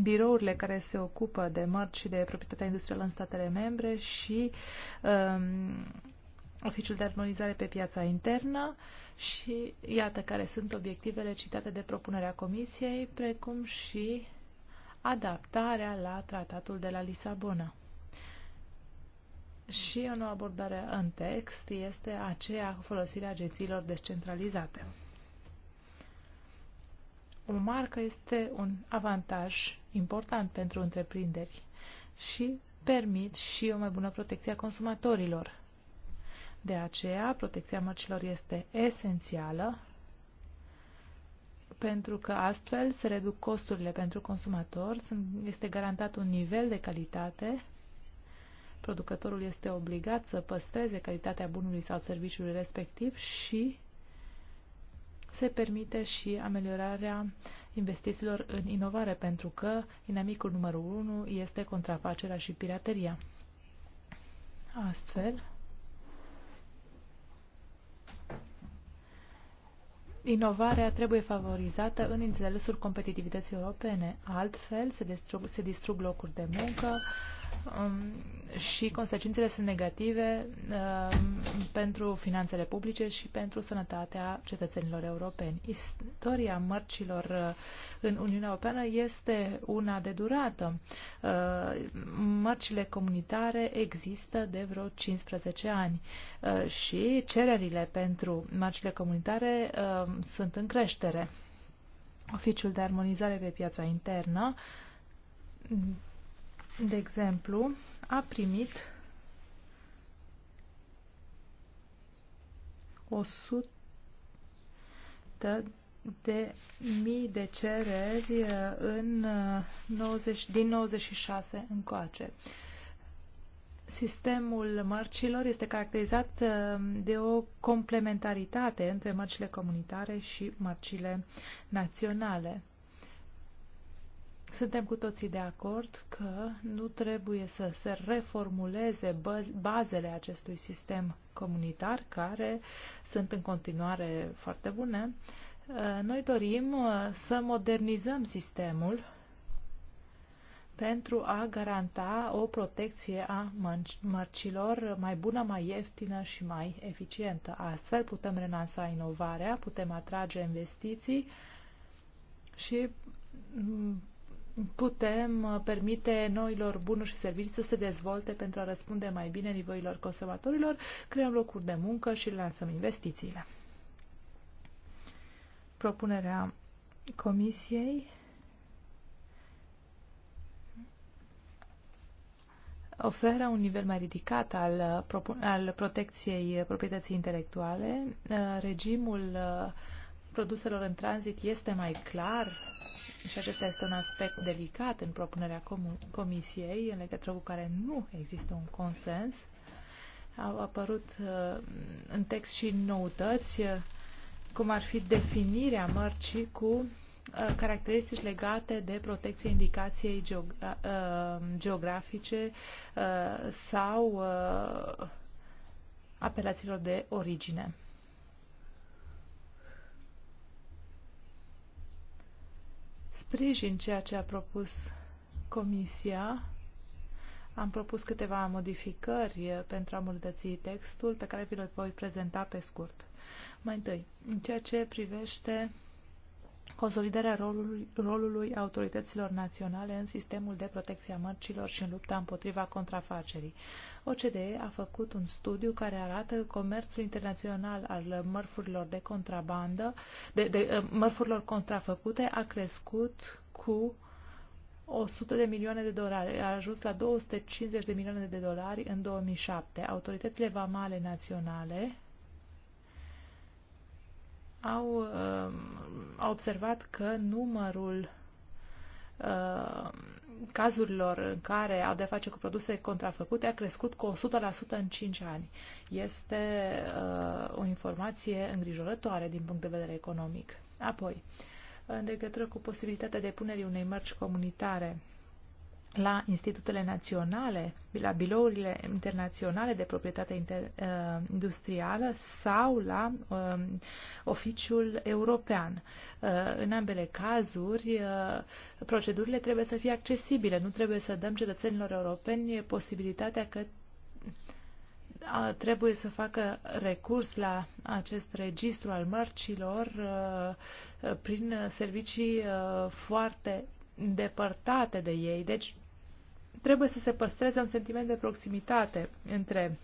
B: birourile care se ocupă de mărci și de proprietatea industrială în statele membre și um, oficiul de armonizare pe piața internă și iată care sunt obiectivele citate de propunerea Comisiei, precum și adaptarea la tratatul de la Lisabona. Și o nouă abordare în text este aceea cu folosirea agențiilor descentralizate o marcă este un avantaj important pentru întreprinderi și permit și o mai bună protecție a consumatorilor. De aceea, protecția mărcilor este esențială pentru că astfel se reduc costurile pentru consumator, este garantat un nivel de calitate, producătorul este obligat să păstreze calitatea bunului sau serviciului respectiv și se permite și ameliorarea investițiilor în inovare, pentru că inamicul numărul 1 este contrafacerea și pirateria. Astfel, Inovarea trebuie favorizată în înțelesul competitivității europene, altfel se distrug, se distrug locuri de muncă, Um, și consecințele sunt negative um, pentru finanțele publice și pentru sănătatea cetățenilor europeni. Istoria mărcilor uh, în Uniunea Europeană este una de durată. Uh, mărcile comunitare există de vreo 15 ani uh, și cererile pentru mărcile comunitare um, sunt în creștere. Oficiul de armonizare pe piața internă de exemplu, a primit 100 de mii de cereri în 90, din 96 încoace. Sistemul mărcilor este caracterizat um, de o complementaritate între mărcile comunitare și mărcile naționale. Suntem cu toții de acord că nu trebuie să se reformuleze bazele acestui sistem comunitar, care sunt în continuare foarte bune. Uh, noi dorim uh, să modernizăm sistemul pentru a garanta o protecție a mărcilor mai bună, mai ieftină și mai eficientă. Astfel putem renansa inovarea, putem atrage investiții și putem uh, permite noilor bunuri și servicii să se dezvolte pentru a răspunde mai bine nivoilor consumatorilor, creăm locuri de muncă și lansăm investițiile. Propunerea Comisiei oferă un nivel mai ridicat al, uh, al protecției proprietății intelectuale. Uh, regimul produselor în tranzit este mai clar și acesta este un aspect delicat în propunerea Comisiei, în legătură cu care nu există un consens. Au apărut uh, în text și noutăți, uh, cum ar fi definirea mărcii cu uh, caracteristici legate de protecție indicației geogra geografice sau apelațiilor de origine. sprijin ceea ce a propus Comisia. Am propus câteva modificări pentru a îmbunătăți textul pe care vi le voi prezenta pe scurt. Mai întâi, în ceea ce privește consolidarea rolului, rolului autorităților naționale în sistemul de protecție a mărcilor și în lupta împotriva contrafacerii. OCDE a făcut un studiu care arată că comerțul internațional al mărfurilor de contrabandă, de, de uh, mărfurilor contrafăcute a crescut cu 100 de milioane de dolari, a ajuns la 250 de milioane de dolari în 2007. Autoritățile vamale naționale au um, au observat că numărul um, cazurilor în care au de face cu produse contrafăcute a crescut cu 100% în 5 ani. Este uh, o informație îngrijorătoare din punct de vedere economic. Apoi, în legătură cu posibilitatea depunerii unei mărci comunitare la institutele naționale, la bilourile internaționale de proprietate inter, uh, industrială sau la uh, oficiul european. Uh, în ambele cazuri, uh, procedurile trebuie să fie accesibile. Nu trebuie să dăm cetățenilor europeni posibilitatea că trebuie să facă recurs la acest registru al mărcilor uh, prin servicii uh, foarte depărtate de ei. Deci trebuie să se păstreze un sentiment de proximitate între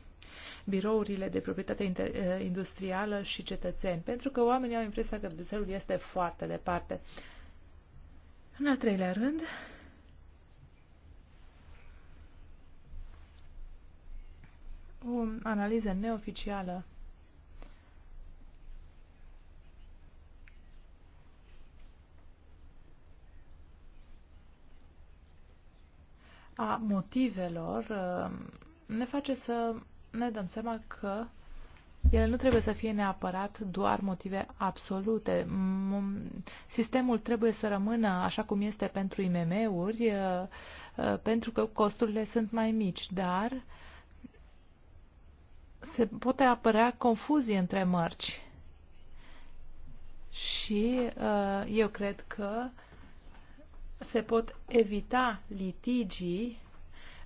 B: birourile de proprietate eh, industrială și cetățeni, pentru că oamenii au impresia că Bruxelles este foarte departe. În al treilea rând, o analiză neoficială a motivelor uh, ne face să ne dăm seama că ele nu trebuie să fie neapărat doar motive absolute. Sistemul trebuie să rămână așa cum este pentru IMM-uri, uh, uh, pentru că costurile sunt mai mici, dar se poate apărea confuzie între mărci. Și eu cred că se pot evita litigii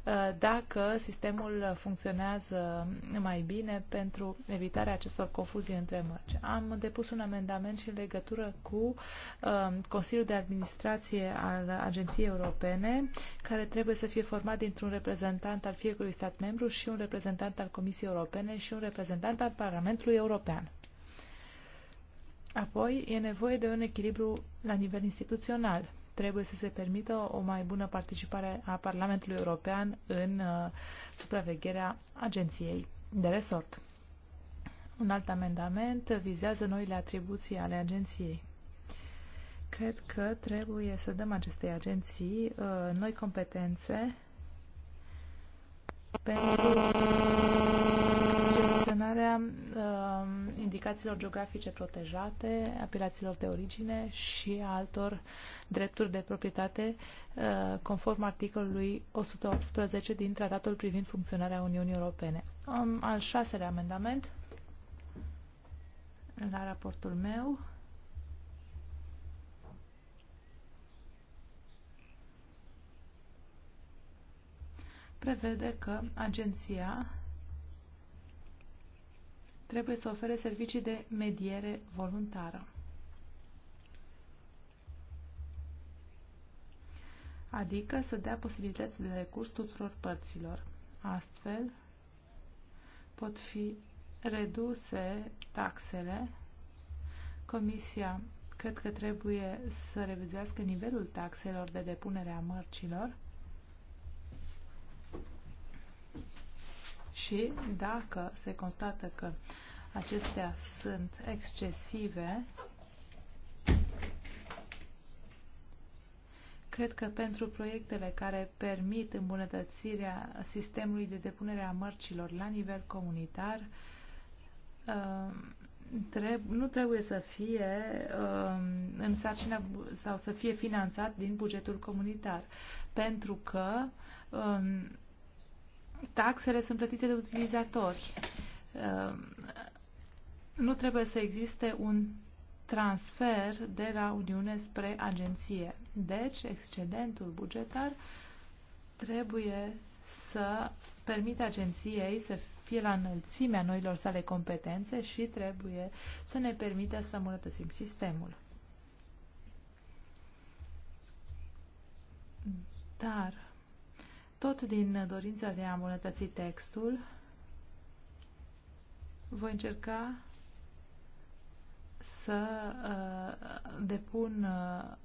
B: uh, dacă sistemul funcționează mai bine pentru evitarea acestor confuzii între mărci. Am depus un amendament și în legătură cu uh, Consiliul de Administrație al Agenției Europene, care trebuie să fie format dintr-un reprezentant al fiecărui stat membru și un reprezentant al Comisiei Europene și un reprezentant al Parlamentului European. Apoi, e nevoie de un echilibru la nivel instituțional trebuie să se permită o mai bună participare a Parlamentului European în uh, supravegherea agenției de resort. Un alt amendament vizează noile atribuții ale agenției. Cred că trebuie să dăm acestei agenții uh, noi competențe pentru menționarea uh, um, indicațiilor geografice protejate, apelațiilor de origine și a altor drepturi de proprietate uh, conform articolului 118 din Tratatul privind funcționarea Uniunii Europene. Um, al șaselea amendament la raportul meu. prevede că agenția trebuie să ofere servicii de mediere voluntară. Adică să dea posibilități de recurs tuturor părților. Astfel, pot fi reduse taxele. Comisia cred că trebuie să revizuiască nivelul taxelor de depunere a mărcilor și dacă se constată că acestea sunt excesive, Cred că pentru proiectele care permit îmbunătățirea sistemului de depunere a mărcilor la nivel comunitar, um, nu trebuie să fie um, în sarcină sau să fie finanțat din bugetul comunitar, pentru că um, taxele sunt plătite de utilizatori. Ehm, nu trebuie să existe un transfer de la Uniune spre agenție. Deci, excedentul bugetar trebuie să permită agenției să fie la înălțimea noilor sale competențe și trebuie să ne permită să îmbunătățim sistemul. Dar tot din dorința de a îmbunătăți textul, voi încerca să uh, depun uh,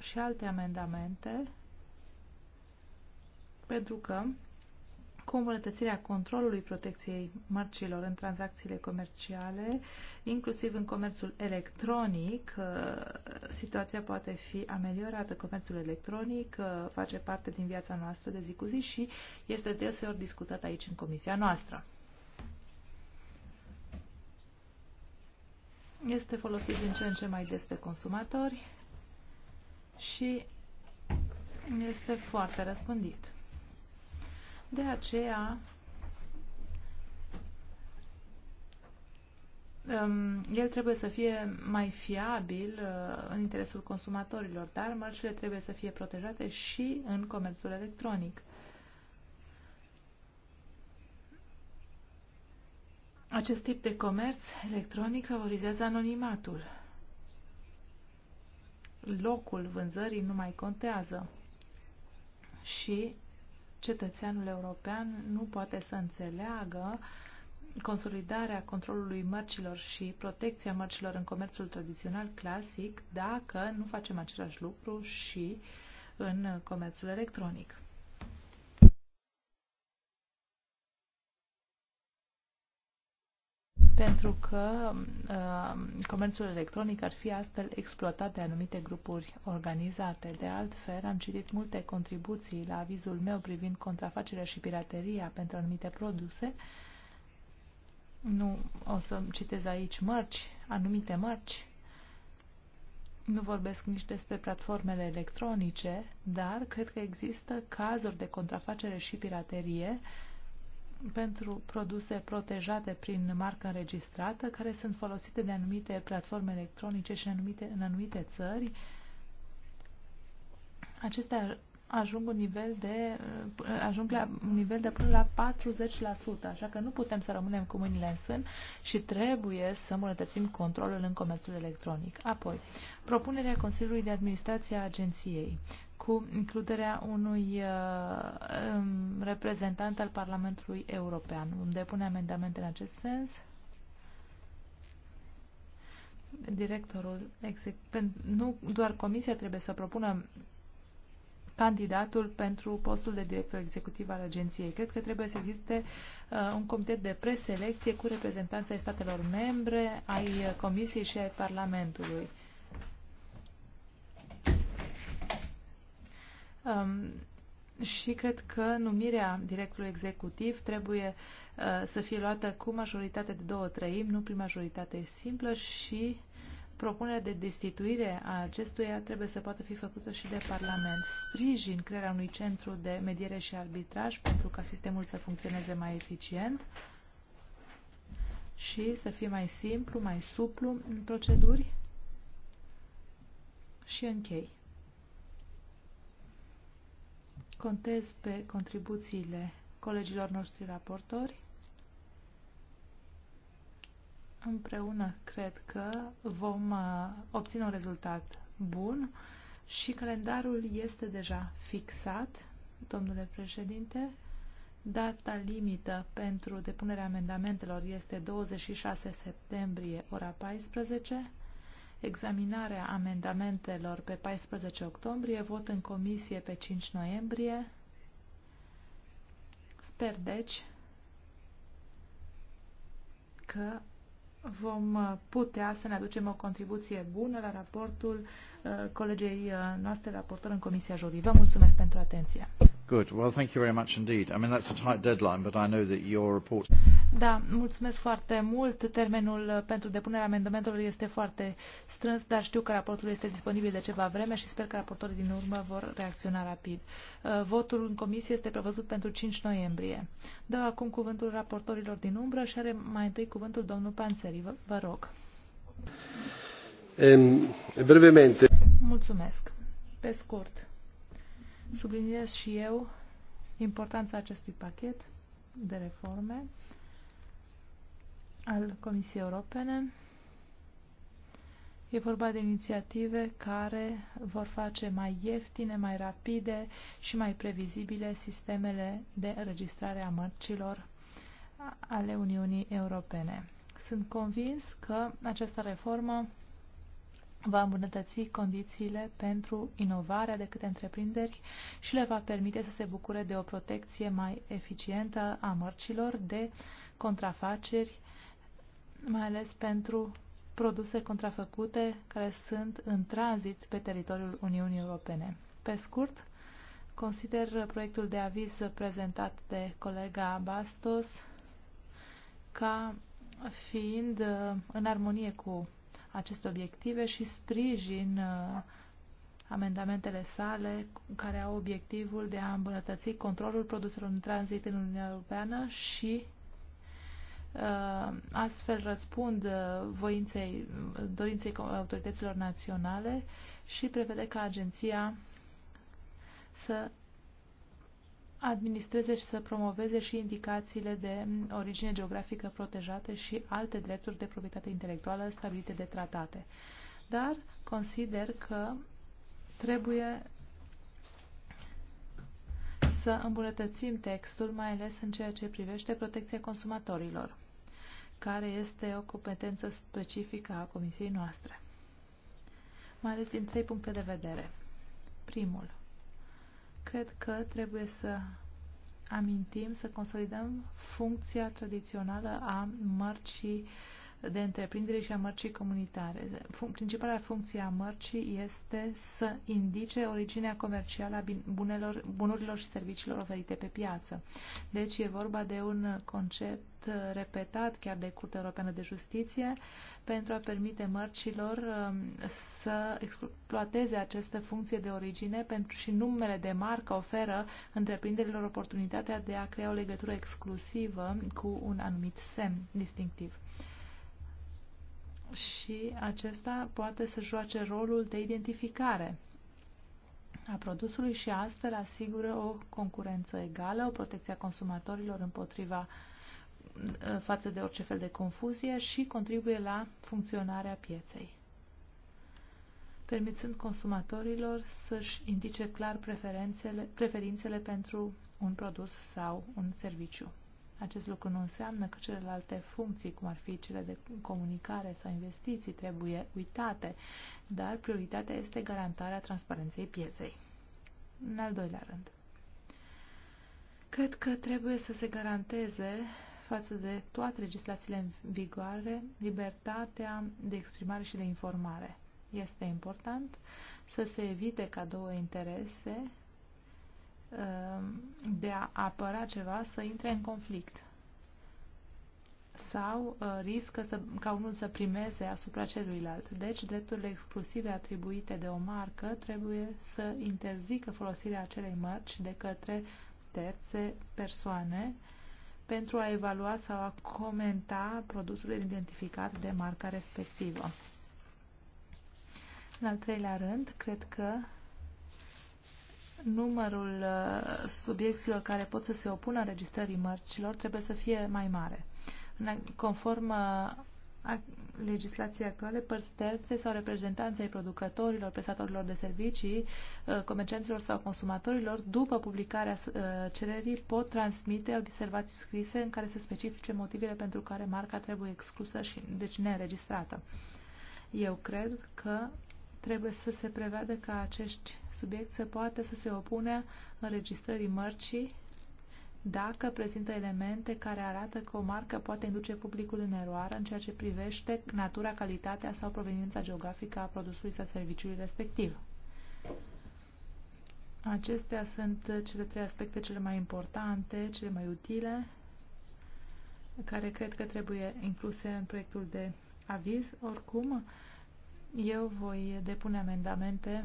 B: și alte amendamente, pentru că cu îmbunătățirea controlului protecției mărcilor în tranzacțiile comerciale, inclusiv în comerțul electronic. Uh, situația poate fi ameliorată. Comerțul electronic uh, face parte din viața noastră de zi cu zi și este deseori discutat aici în comisia noastră. Este folosit din ce în ce mai des de consumatori și este foarte răspândit. De aceea, um, el trebuie să fie mai fiabil uh, în interesul consumatorilor, dar mărcile trebuie să fie protejate și în comerțul electronic. Acest tip de comerț electronic favorizează anonimatul. Locul vânzării nu mai contează și cetățeanul european nu poate să înțeleagă consolidarea controlului mărcilor și protecția mărcilor în comerțul tradițional clasic dacă nu facem același lucru și în comerțul electronic. pentru că uh, comerțul electronic ar fi astfel exploatat de anumite grupuri organizate. De altfel, am citit multe contribuții la avizul meu privind contrafacerea și pirateria pentru anumite produse. Nu o să citez aici mărci, anumite mărci. Nu vorbesc nici despre platformele electronice, dar cred că există cazuri de contrafacere și piraterie uh, pentru produse protejate prin marcă înregistrată, care sunt folosite de anumite platforme electronice și în anumite, în anumite țări. Acestea ajung, un nivel de, ajung la un nivel de până la 40%, așa că nu putem să rămânem cu mâinile în sân și trebuie să îmbunătățim controlul în comerțul electronic. Apoi, propunerea Consiliului de Administrație a Agenției cu includerea unui uh, um, reprezentant al Parlamentului European. Vom depune amendamente în acest sens directorul, exec, nu doar comisia trebuie să propună candidatul pentru postul de director executiv al agenției. Cred că trebuie să existe uh, un comitet de preselecție cu reprezentanța ai statelor membre, ai Comisiei și ai Parlamentului. Um, și cred că numirea directorului executiv trebuie uh, să fie luată cu majoritate de două treimi, nu prin majoritate simplă și Propunerea de destituire a acestuia trebuie să poată fi făcută și de Parlament. Sprijin crearea unui centru de mediere și arbitraj pentru ca sistemul să funcționeze mai eficient și să fie mai simplu, mai suplu în proceduri și închei. Contez pe contribuțiile colegilor noștri raportori împreună cred că vom uh, obține un rezultat bun și calendarul este deja fixat, domnule președinte. Data limită pentru depunerea amendamentelor este 26 septembrie, ora 14. Examinarea amendamentelor pe 14 octombrie, vot în comisie pe 5 noiembrie. Sper, deci, că vom uh, putea să ne aducem o contribuție bună la raportul uh, colegei uh, noastre raportor în Comisia Jurii. Vă mulțumesc pentru atenție.
A: Good. Well, thank you very much indeed. I mean, that's a tight deadline, but I know that your report...
B: Da, mulțumesc foarte mult. Termenul uh, pentru depunerea amendamentelor este foarte strâns, dar știu că raportul este disponibil de ceva vreme și sper că raportorii din urmă vor reacționa rapid. Uh, votul în comisie este prevăzut pentru 5 noiembrie. Dau acum cuvântul raportorilor din umbră și are mai întâi cuvântul domnul Panțeri. Vă, vă rog.
A: Um, brevemente.
B: Mulțumesc. Pe scurt Subliniez și eu importanța acestui pachet de reforme al Comisiei Europene. E vorba de inițiative care vor face mai ieftine, mai rapide și mai previzibile sistemele de înregistrare a mărcilor ale Uniunii Europene. Sunt convins că această reformă va îmbunătăți condițiile pentru inovarea de câte întreprinderi și le va permite să se bucure de o protecție mai eficientă a mărcilor de contrafaceri, mai ales pentru produse contrafăcute care sunt în tranzit pe teritoriul Uniunii Europene. Pe scurt, consider proiectul de aviz prezentat de colega Bastos ca fiind uh, în armonie cu aceste obiective și sprijin uh, amendamentele sale care au obiectivul de a îmbunătăți controlul produselor în tranzit în Uniunea Europeană și uh, astfel răspund uh, voinței, dorinței autorităților naționale și prevede ca agenția să administreze și să promoveze și indicațiile de origine geografică protejate și alte drepturi de proprietate intelectuală stabilite de tratate. Dar consider că trebuie să îmbunătățim textul, mai ales în ceea ce privește protecția consumatorilor, care este o competență specifică a comisiei noastre, mai ales din trei puncte de vedere. Primul, cred că trebuie să amintim, să consolidăm funcția tradițională a mărcii uh, de întreprindere și a mărcii comunitare. Principala funcție a mărcii este să indice originea comercială a bunelor, bunurilor și serviciilor oferite pe piață. Deci e vorba de un concept repetat chiar de Curtea Europeană de Justiție pentru a permite mărcilor um, să exploateze această funcție de origine pentru și numele de marcă oferă întreprinderilor oportunitatea de a crea o legătură exclusivă cu un anumit semn distinctiv și acesta poate să joace rolul de identificare a produsului și astfel asigură o concurență egală, o protecție a consumatorilor împotriva ă, față de orice fel de confuzie și contribuie la funcționarea pieței, permițând consumatorilor să-și indice clar preferințele, preferințele pentru un produs sau un serviciu. Acest lucru nu înseamnă că celelalte funcții, cum ar fi cele de comunicare sau investiții, trebuie uitate, dar prioritatea este garantarea transparenței pieței. În al doilea rând, cred că trebuie să se garanteze față de toate legislațiile în vigoare, libertatea de exprimare și de informare. Este important să se evite ca două interese Uh, de a apăra ceva să intre în conflict sau uh, riscă să, ca unul să primeze asupra celuilalt. Deci, drepturile exclusive atribuite de o marcă trebuie să interzică folosirea acelei mărci de către terțe persoane pentru a evalua sau a comenta produsul identificat de marca respectivă. În al treilea rând, cred că numărul uh, subiecților care pot să se opună înregistrării mărcilor trebuie să fie mai mare. Conform uh, legislației actuale, părți terțe sau reprezentanții ai producătorilor, prestatorilor de servicii, uh, comercianților sau consumatorilor, după publicarea cererii, pot transmite observații scrise în care se specifice motivele pentru care marca trebuie exclusă și deci neregistrată. Eu cred că trebuie să se prevadă ca acești subiect să poată să se opune înregistrării mărcii dacă prezintă elemente care arată că o marcă poate induce publicul în eroare în ceea ce privește natura, calitatea sau proveniența geografică a produsului sau serviciului respectiv. Acestea sunt cele trei aspecte cele mai importante, cele mai utile, care cred că trebuie incluse în proiectul de aviz. Oricum, eu voi depune amendamente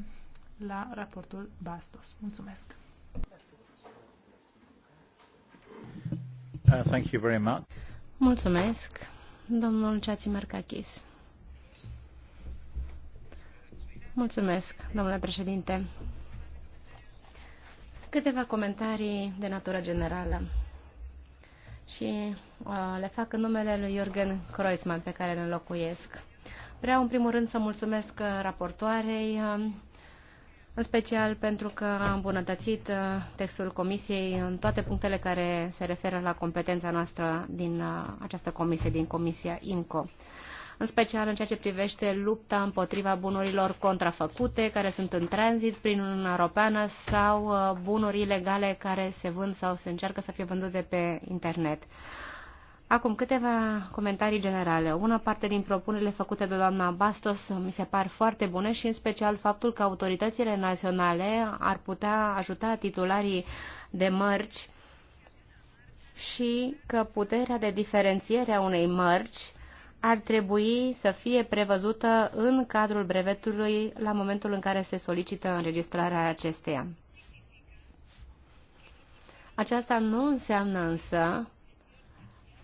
B: la raportul Bastos. Mulțumesc!
A: Uh, thank you very much.
C: Mulțumesc, domnul Marcachis. Mulțumesc, domnule președinte. Câteva comentarii de natură generală și uh, le fac în numele lui Jürgen Kreuzmann, pe care îl înlocuiesc. Vreau în primul rând să mulțumesc uh, raportoarei, uh, în special pentru că a îmbunătățit uh, textul comisiei în toate punctele care se referă la competența noastră din această comisie, din comisia INCO în special în ceea ce privește lupta împotriva bunurilor contrafăcute care sunt în tranzit prin Uniunea Europeană sau bunuri ilegale care se vând sau se încearcă să fie vândute pe internet. Acum câteva comentarii generale. Una parte din propunerile făcute de doamna Bastos mi se par foarte bune și în special faptul că autoritățile naționale ar putea ajuta titularii de mărci și că puterea de diferențiere a unei mărci ar trebui să fie prevăzută în cadrul brevetului la momentul în care se solicită înregistrarea acesteia. Aceasta nu înseamnă însă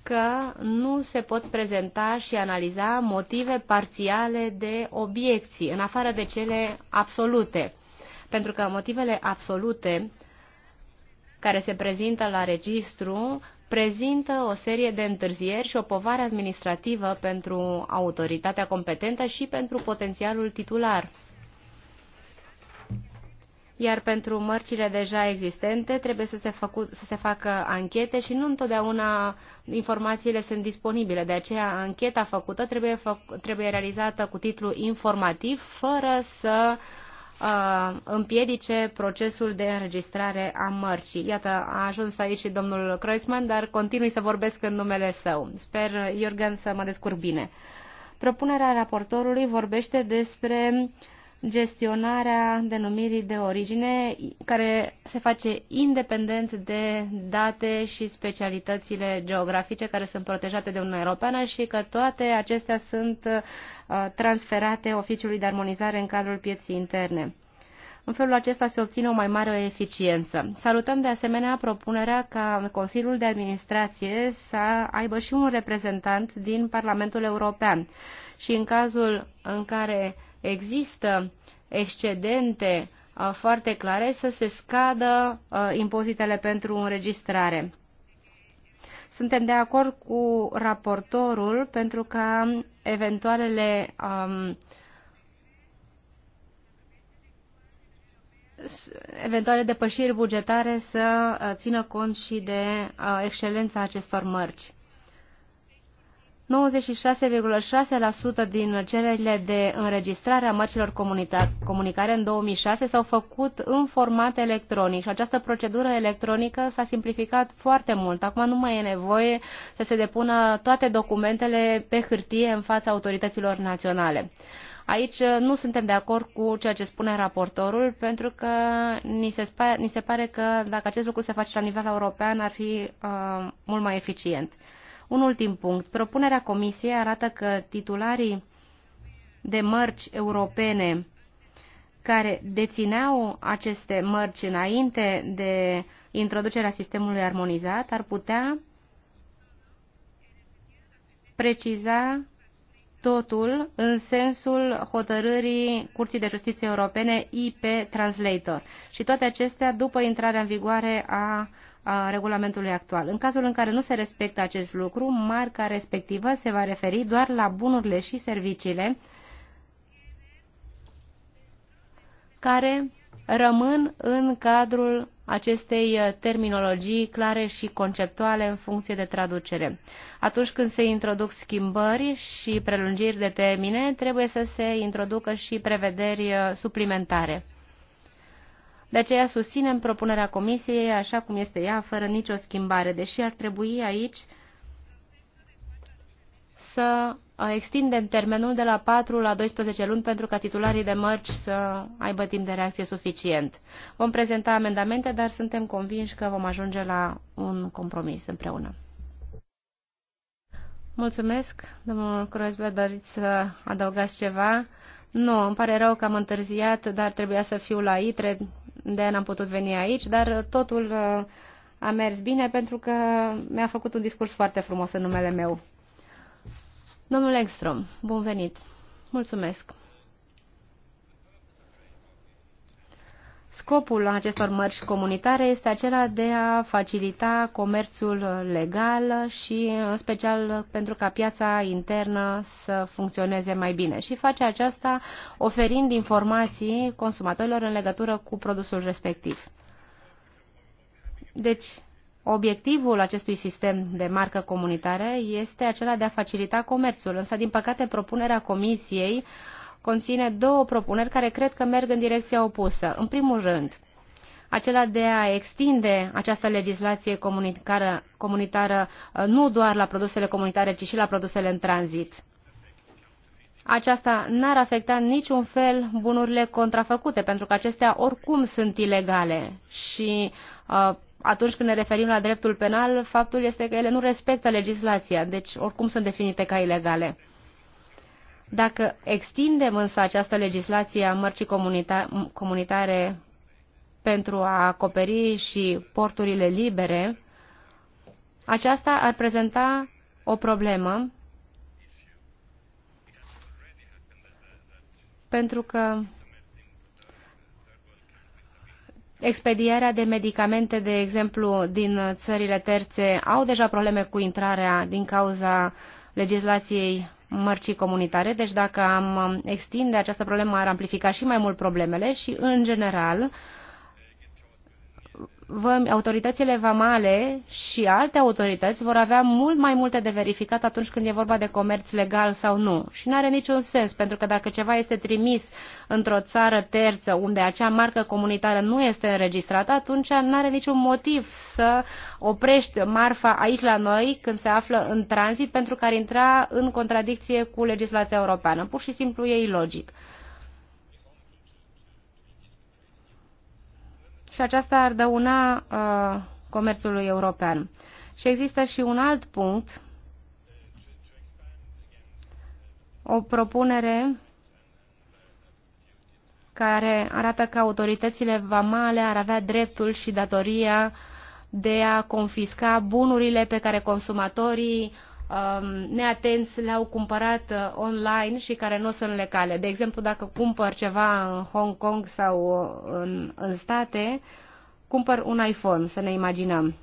C: că nu se pot prezenta și analiza motive parțiale de obiecții, în afară de cele absolute. Pentru că motivele absolute care se prezintă la registru prezintă o serie de întârzieri și o povară administrativă pentru autoritatea competentă și pentru potențialul titular iar pentru mărcile deja existente trebuie să se, făcu, să se facă anchete și nu întotdeauna informațiile sunt disponibile. De aceea, ancheta făcută trebuie, fă, trebuie realizată cu titlu informativ, fără să uh, împiedice procesul de înregistrare a mărcii. Iată, a ajuns aici și domnul Kreuzmann, dar continui să vorbesc în numele său. Sper, Jürgen, să mă descurc bine. Propunerea raportorului vorbește despre uh, gestionarea denumirii de origine, care se face independent de date și specialitățile geografice care sunt protejate de Uniunea Europeană și că toate acestea sunt uh, transferate Oficiului de Armonizare în cadrul pieții interne. În felul acesta se obține o mai mare eficiență. Salutăm de asemenea propunerea ca Consiliul de Administrație să aibă și un reprezentant din Parlamentul European și în cazul în care există excedente uh, foarte clare, să se scadă uh, impozitele pentru înregistrare. Suntem de acord cu raportorul pentru ca eventualele um, eventuale depășiri bugetare să uh, țină cont și de excelența acestor mărci. 96,6% din cererile de înregistrare a mărcilor comunicare în 2006 s-au făcut în format electronic și această procedură electronică s-a simplificat foarte mult. Acum nu mai e nevoie să se depună toate documentele pe hârtie în fața autorităților naționale. Aici uh, nu suntem de acord cu ceea ce spune raportorul, pentru că ni se, ni se pare că dacă acest lucru se face la nivel european ar fi uh, mult mai eficient. Un ultim punct. Propunerea Comisiei arată că titularii de mărci europene care dețineau aceste mărci înainte de introducerea sistemului armonizat ar putea preciza totul în sensul hotărârii Curții de Justiție Europene IP Translator și toate acestea după intrarea în vigoare a a regulamentului actual. În cazul în care nu se respectă acest lucru, marca respectivă se va referi doar la bunurile și serviciile care rămân în cadrul acestei uh, terminologii clare și conceptuale în funcție de traducere. Atunci când se introduc schimbări și prelungiri de termine, trebuie să se introducă și prevederi uh, suplimentare. De aceea susținem propunerea Comisiei așa cum este ea, fără nicio schimbare, deși ar trebui aici să uh, extindem termenul de la 4 la 12 luni pentru ca titularii de mărci să aibă timp de reacție suficient. Vom prezenta amendamente, dar suntem convinși că vom ajunge la un compromis împreună. Mulțumesc, domnul Croesbe, doriți să adăugați ceva? Nu, îmi pare rău că am întârziat, dar trebuia să fiu la ITRE de aia n-am putut veni aici, dar totul uh, a mers bine pentru că mi-a făcut un discurs foarte frumos în numele meu. Domnul Engstrom, bun venit! Mulțumesc! Scopul acestor mărci comunitare este acela de a facilita comerțul legal și în special pentru ca piața internă să funcționeze mai bine și face aceasta oferind informații consumatorilor în legătură cu produsul respectiv. Deci, Obiectivul acestui sistem de marcă comunitară este acela de a facilita comerțul, însă, din păcate, propunerea Comisiei uh, conține două propuneri care cred că merg în direcția opusă. În primul rând, acela de a extinde această legislație comunitară, comunitară uh, nu doar la produsele comunitare, ci și la produsele în tranzit. Aceasta n-ar afecta niciun fel bunurile contrafăcute, pentru că acestea oricum sunt ilegale și uh, atunci când ne referim la dreptul penal, faptul este că ele nu respectă legislația, deci oricum sunt definite ca ilegale. Dacă extindem însă această legislație a mărcii comunita- comunitare pentru a acoperi și porturile libere, aceasta ar prezenta o problemă pentru că expedierea de medicamente, de exemplu, din țările terțe au deja probleme cu intrarea din cauza legislației mărcii comunitare, deci dacă am extinde această problemă ar amplifica și mai mult problemele și, în general, autoritățile vamale și alte autorități vor avea mult mai multe de verificat atunci când e vorba de comerț legal sau nu. Și nu are niciun sens, pentru că dacă ceva este trimis într-o țară terță unde acea marcă comunitară nu este înregistrată, atunci nu are niciun motiv să oprești marfa aici la noi când se află în tranzit pentru că ar intra în contradicție cu legislația europeană. Pur și simplu e ilogic. și aceasta ar dăuna uh, comerțului european. Și există și un alt punct, o propunere care arată că autoritățile vamale ar avea dreptul și datoria de a confisca bunurile pe care consumatorii Um, neatenți le-au cumpărat uh, online și care nu sunt legale. De exemplu, dacă cumpăr ceva în Hong Kong sau uh, în, în state, cumpăr un iPhone, să ne imaginăm.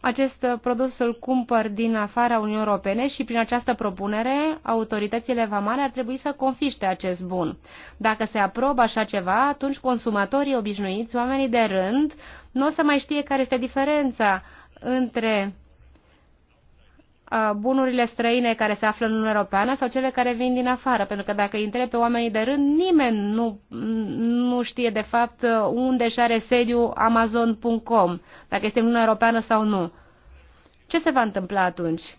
C: Acest uh, produs îl cumpăr din afara Uniunii Europene și prin această propunere autoritățile vamale ar trebui să confiște acest bun. Dacă se aprobă așa ceva, atunci consumatorii obișnuiți, oamenii de rând, nu o să mai știe care este diferența între uh, bunurile străine care se află în Uniunea Europeană sau cele care vin din afară. Pentru că dacă îi întrebi pe oamenii de rând, nimeni nu, nu știe de fapt uh, unde și are sediu Amazon.com, dacă este în Uniunea Europeană sau nu. Ce se va întâmpla atunci?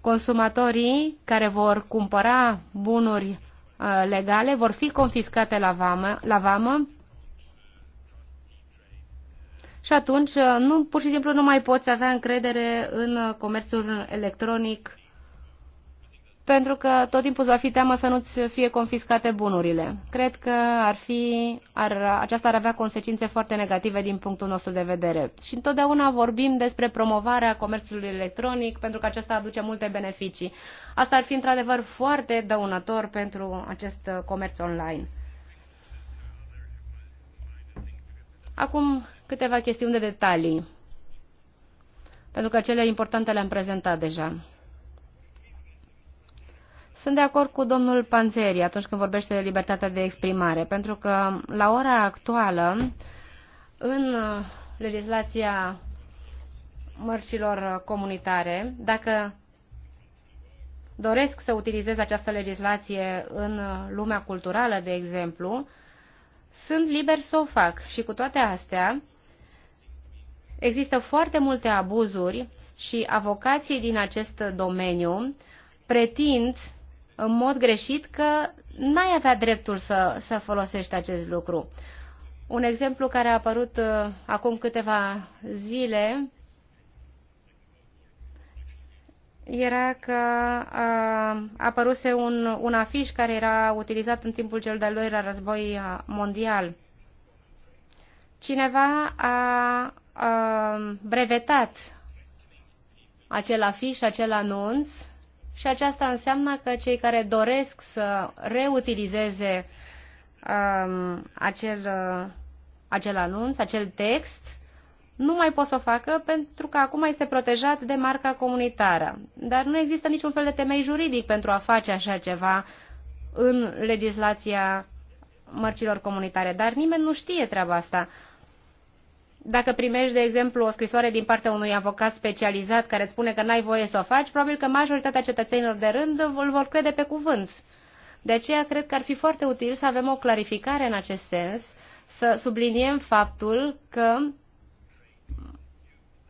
C: Consumatorii care vor cumpăra bunuri uh, legale vor fi confiscate la vamă, la vamă și atunci uh, nu, pur și simplu nu mai poți avea încredere în uh, comerțul electronic pentru că tot timpul îți va fi teamă să nu-ți fie confiscate bunurile. Cred că ar fi, ar, aceasta ar avea consecințe foarte negative din punctul nostru de vedere. Și întotdeauna vorbim despre promovarea comerțului electronic, pentru că acesta aduce multe beneficii. Asta ar fi într-adevăr foarte dăunător pentru acest uh, comerț online. Acum câteva chestiuni de detalii, pentru că cele importante le-am prezentat deja. Sunt de acord cu domnul Panzeri atunci când vorbește de libertatea de exprimare, pentru că la ora actuală, în uh, legislația mărcilor uh, comunitare, dacă doresc să utilizez această legislație în uh, lumea culturală, de exemplu, sunt liber să o fac și cu toate astea există foarte multe abuzuri și avocații din acest domeniu pretind în mod greșit că n-ai avea dreptul să, să folosești acest lucru. Un exemplu care a apărut uh, acum câteva zile era că a apăruse un, un afiș care era utilizat în timpul cel de-al doilea război mondial. Cineva a, a brevetat acel afiș, acel anunț și aceasta înseamnă că cei care doresc să reutilizeze um, acel, uh, acel anunț, acel text, nu mai pot să o facă pentru că acum este protejat de marca comunitară. Dar nu există niciun fel de temei juridic pentru a face așa ceva în legislația mărcilor comunitare, dar nimeni nu știe treaba asta. Dacă primești, de exemplu, o scrisoare din partea unui avocat specializat care spune că n-ai voie să o faci, probabil că majoritatea cetățenilor de rând îl vor crede pe cuvânt. De aceea cred că ar fi foarte util să avem o clarificare în acest sens, să subliniem faptul că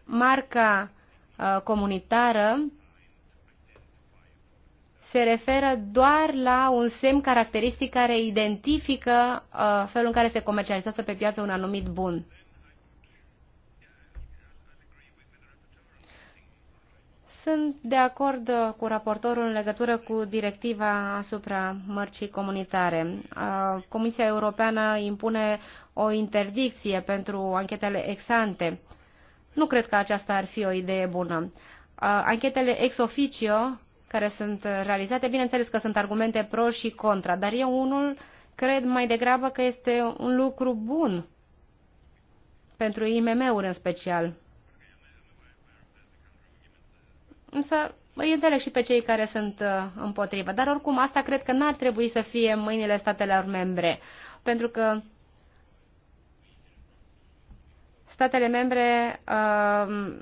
C: marca uh, comunitară se referă doar la un semn caracteristic care identifică uh, felul în care se comercializează pe piață un anumit bun. Sunt de acord uh, cu raportorul în legătură cu directiva asupra mărcii comunitare. Comisia Europeană impune o interdicție pentru anchetele ex ante nu cred că aceasta ar fi o idee bună. Anchetele ex officio care sunt realizate, bineînțeles că sunt argumente pro și contra, dar eu unul cred mai degrabă că este un lucru bun pentru IMM-uri în special. Însă îi înțeleg și pe cei care sunt uh, împotrivă, dar oricum asta cred că n-ar trebui să fie mâinile statelor membre, pentru că statele membre uh,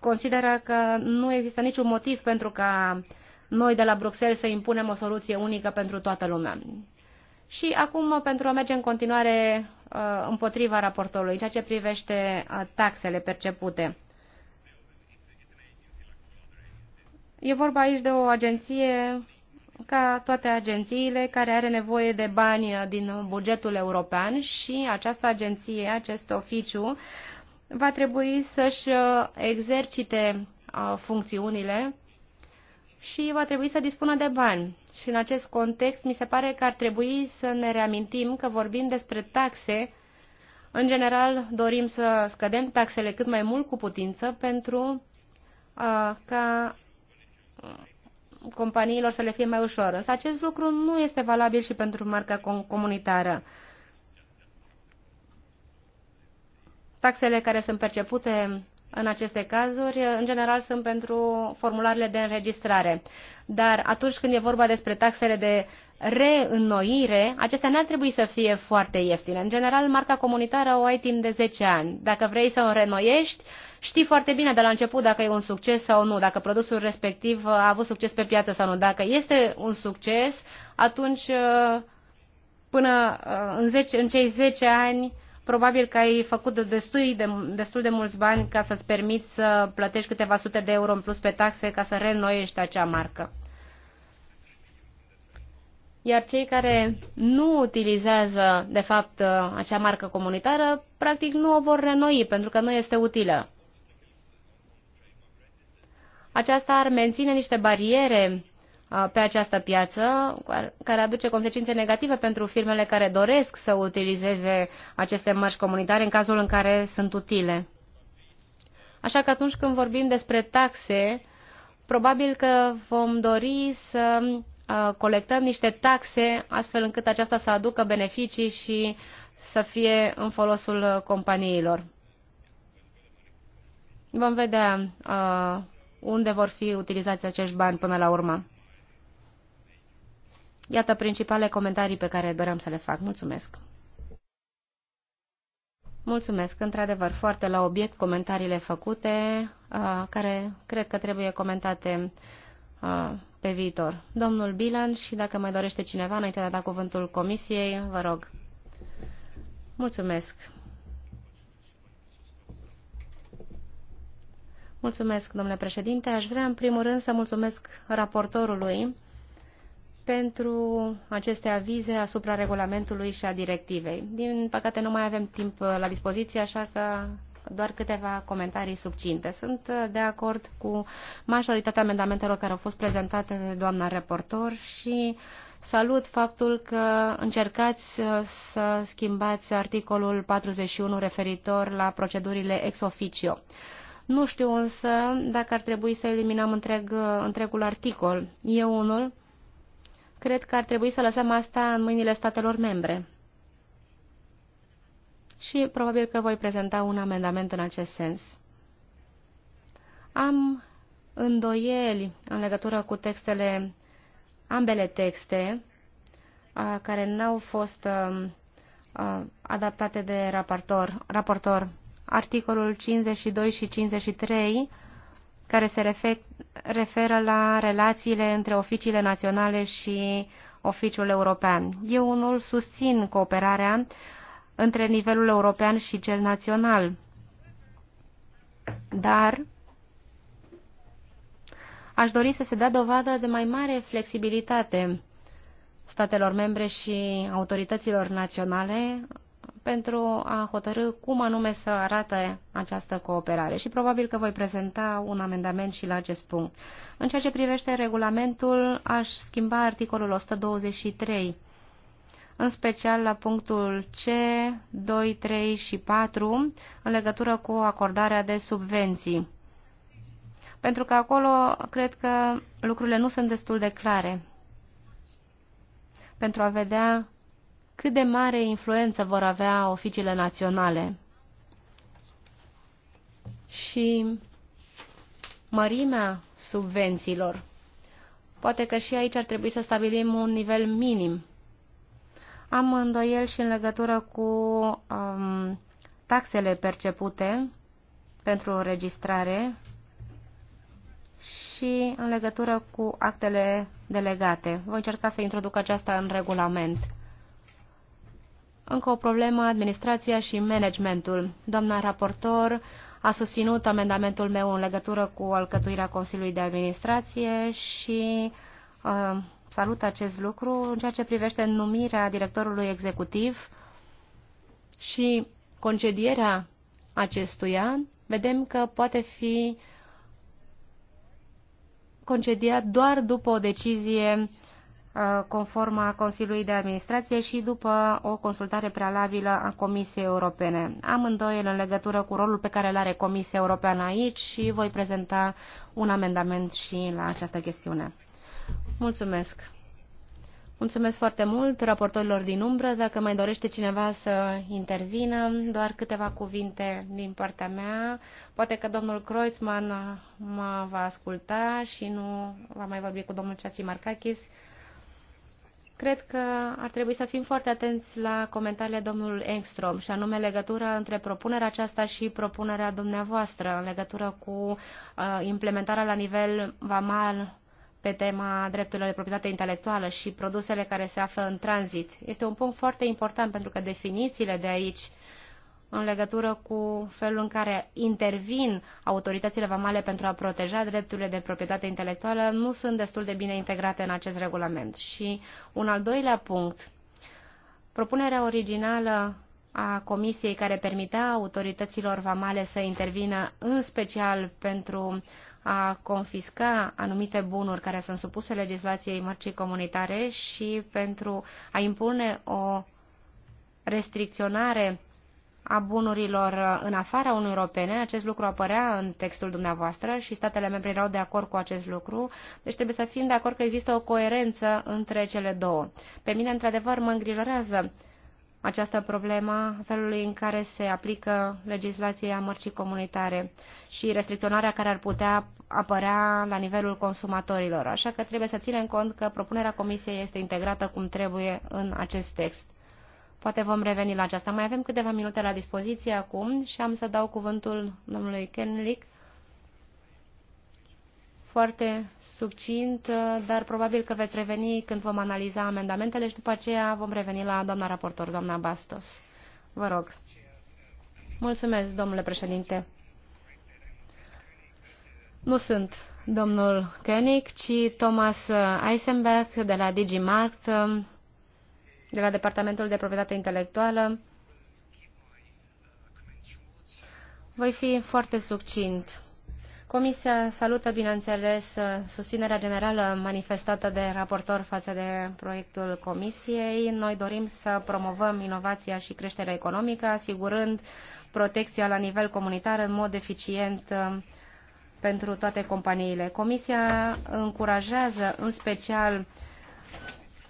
C: consideră că nu există niciun motiv pentru ca noi de la Bruxelles să impunem o soluție unică pentru toată lumea. Și acum, pentru a merge în continuare uh, împotriva raportorului, ceea ce privește uh, taxele percepute. E vorba aici de o agenție ca toate agențiile care are nevoie de bani uh, din bugetul european și această agenție, acest oficiu, va trebui să-și uh, exercite uh, funcțiunile și va trebui să dispună de bani. Și în acest context, mi se pare că ar trebui să ne reamintim că vorbim despre taxe. În general, dorim să scădem taxele cât mai mult cu putință pentru uh, ca companiilor să le fie mai ușor. Însă acest lucru nu este valabil și pentru marca comunitară. Taxele care sunt percepute în aceste cazuri, în general, sunt pentru formularele de înregistrare. Dar atunci când e vorba despre taxele de reînnoire, acestea nu ar trebui să fie foarte ieftine. În general, marca comunitară o ai timp de 10 ani. Dacă vrei să o renoiești, știi foarte bine de la început dacă e un succes sau nu, dacă produsul respectiv uh, a avut succes pe piață sau nu. Dacă este un succes, atunci uh, până uh, în, 10, în cei 10 ani probabil că ai făcut destui de, destul de mulți bani ca să-ți permiți să plătești câteva sute de euro în plus pe taxe ca să reînnoiești acea marcă. Iar cei care nu utilizează, de fapt, acea marcă comunitară, practic nu o vor renoi pentru că nu este utilă. Aceasta ar menține niște bariere pe această piață, care aduce consecințe negative pentru firmele care doresc să utilizeze aceste mărci comunitare în cazul în care sunt utile. Așa că atunci când vorbim despre taxe, probabil că vom dori să colectăm niște taxe astfel încât aceasta să aducă beneficii și să fie în folosul companiilor. Vom vedea unde vor fi utilizați acești bani până la urmă. Iată principale comentarii pe care doream să le fac. Mulțumesc! Mulțumesc, într-adevăr, foarte la obiect comentariile făcute, uh, care cred că trebuie comentate uh, pe viitor. Domnul Bilan și dacă mai dorește cineva, înainte de a da cuvântul comisiei, vă rog. Mulțumesc. Mulțumesc, domnule președinte. Aș vrea, în primul rând, să mulțumesc raportorului pentru aceste avize asupra regulamentului și a directivei. Din păcate nu mai avem timp uh, la dispoziție, așa că doar câteva comentarii subcinte. Sunt uh, de acord cu majoritatea amendamentelor care au fost prezentate de doamna reportor și salut faptul că încercați uh, să schimbați articolul 41 referitor la procedurile ex officio. Nu știu însă dacă ar trebui să eliminăm întreg, întregul articol. Eu unul cred că ar trebui să lăsăm asta în mâinile statelor membre. Și probabil că voi prezenta un amendament în acest sens. Am îndoieli în legătură cu textele, ambele texte, care n-au fost adaptate de raportor. raportor. Articolul 52 și 53 care se referă la relațiile între oficiile naționale și oficiul european. Eu unul susțin cooperarea între nivelul european și cel național. Dar aș dori să se dea dovadă de mai mare flexibilitate statelor membre și autorităților naționale pentru a hotărâ cum anume să arate această cooperare și probabil că voi prezenta un amendament și la acest punct. În ceea ce privește regulamentul, aș schimba articolul 123, în special la punctul C, 2, 3 și 4, în legătură cu acordarea de subvenții. Pentru că acolo cred că lucrurile nu sunt destul de clare pentru a vedea cât de mare influență vor avea oficiile naționale și mărimea subvențiilor. Poate că și aici ar trebui să stabilim un nivel minim. Am îndoiel și în legătură cu um, taxele percepute pentru înregistrare și în legătură cu actele delegate. Voi încerca să introduc aceasta în regulament. Încă o problemă, administrația și managementul. Doamna raportor a susținut amendamentul meu în legătură cu alcătuirea Consiliului de Administrație și uh, salut acest lucru în ceea ce privește numirea directorului executiv și concedierea acestuia. Vedem că poate fi concediat doar după o decizie Uh, conform Consiliului de Administrație și după o consultare prealabilă a Comisiei Europene. Amândoi în legătură cu rolul pe care îl are Comisia Europeană aici și voi prezenta un amendament și la această chestiune. Mulțumesc! Mulțumesc foarte mult raportorilor din umbră. Dacă mai dorește cineva să intervină, doar câteva cuvinte din partea mea. Poate că domnul Kreuzmann mă va asculta și nu va mai vorbi cu domnul Ceații Marcachis. Cred că ar trebui să fim foarte atenți la comentariile domnului Engstrom și anume legătura între propunerea aceasta și propunerea dumneavoastră în legătură cu uh, implementarea la nivel vamal pe tema drepturilor de proprietate intelectuală și produsele care se află în tranzit. Este un punct foarte important pentru că definițiile de aici în legătură cu felul în care intervin autoritățile vamale pentru a proteja drepturile de proprietate intelectuală nu sunt destul de bine integrate în acest regulament. Și un al doilea punct, propunerea originală a Comisiei care permitea autorităților vamale să intervină în special pentru a confisca anumite bunuri care sunt supuse legislației mărcii comunitare și pentru a impune o restricționare a bunurilor în afara Uniunii Europene. Acest lucru apărea în textul dumneavoastră și statele membre erau de acord cu acest lucru. Deci trebuie să fim de acord că există o coerență între cele două. Pe mine, într-adevăr, mă îngrijorează această problemă felului în care se aplică legislația mărcii comunitare și restricționarea care ar putea apărea la nivelul consumatorilor. Așa că trebuie să ținem cont că propunerea Comisiei este integrată cum trebuie în acest text. Poate vom reveni la aceasta. Mai avem câteva minute la dispoziție acum și am să dau cuvântul domnului Kenlick. Foarte succint, dar probabil că veți reveni când vom analiza amendamentele și după aceea vom reveni la doamna raportor, doamna Bastos. Vă rog. Mulțumesc, domnule președinte. Nu sunt domnul Koenig, ci Thomas Eisenberg de la DigiMart, de la Departamentul de Proprietate Intelectuală. Voi fi foarte succint. Comisia salută, bineînțeles, susținerea generală manifestată de raportor față de proiectul Comisiei. Noi dorim să promovăm inovația și creșterea economică, asigurând protecția la nivel comunitar în mod eficient uh, pentru toate companiile. Comisia încurajează în special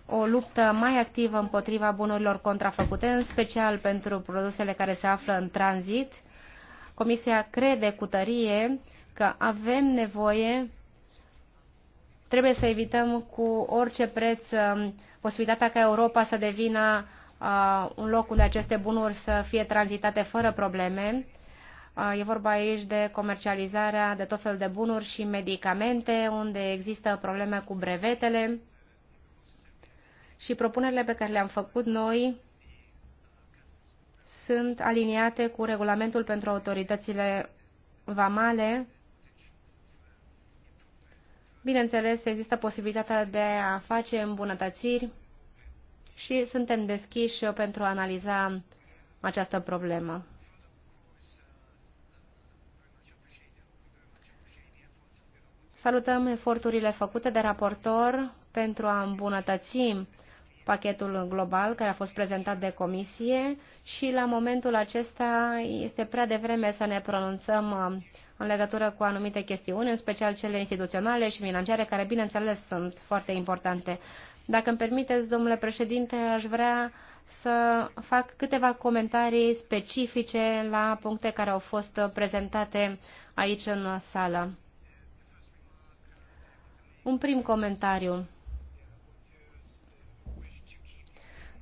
C: o luptă mai activă împotriva bunurilor contrafăcute, în special pentru produsele care se află în tranzit. Comisia crede cu tărie că avem nevoie, trebuie să evităm cu orice preț um, posibilitatea ca Europa să devină uh, un loc unde aceste bunuri să fie tranzitate fără probleme. Uh, e vorba aici de comercializarea de tot felul de bunuri și medicamente, unde există probleme cu brevetele și propunerile pe care le-am făcut noi sunt aliniate cu regulamentul pentru autoritățile vamale. Bineînțeles, există posibilitatea de a face îmbunătățiri și suntem deschiși pentru a analiza această problemă. Salutăm eforturile făcute de raportor pentru a îmbunătăți pachetul global care a fost prezentat de comisie și la momentul acesta este prea devreme să ne pronunțăm uh, în legătură cu anumite chestiuni, în special cele instituționale și financiare, care, bineînțeles, sunt foarte importante. Dacă îmi permiteți, domnule președinte, aș vrea să fac câteva comentarii specifice la puncte care au fost prezentate aici în sală. Un prim comentariu.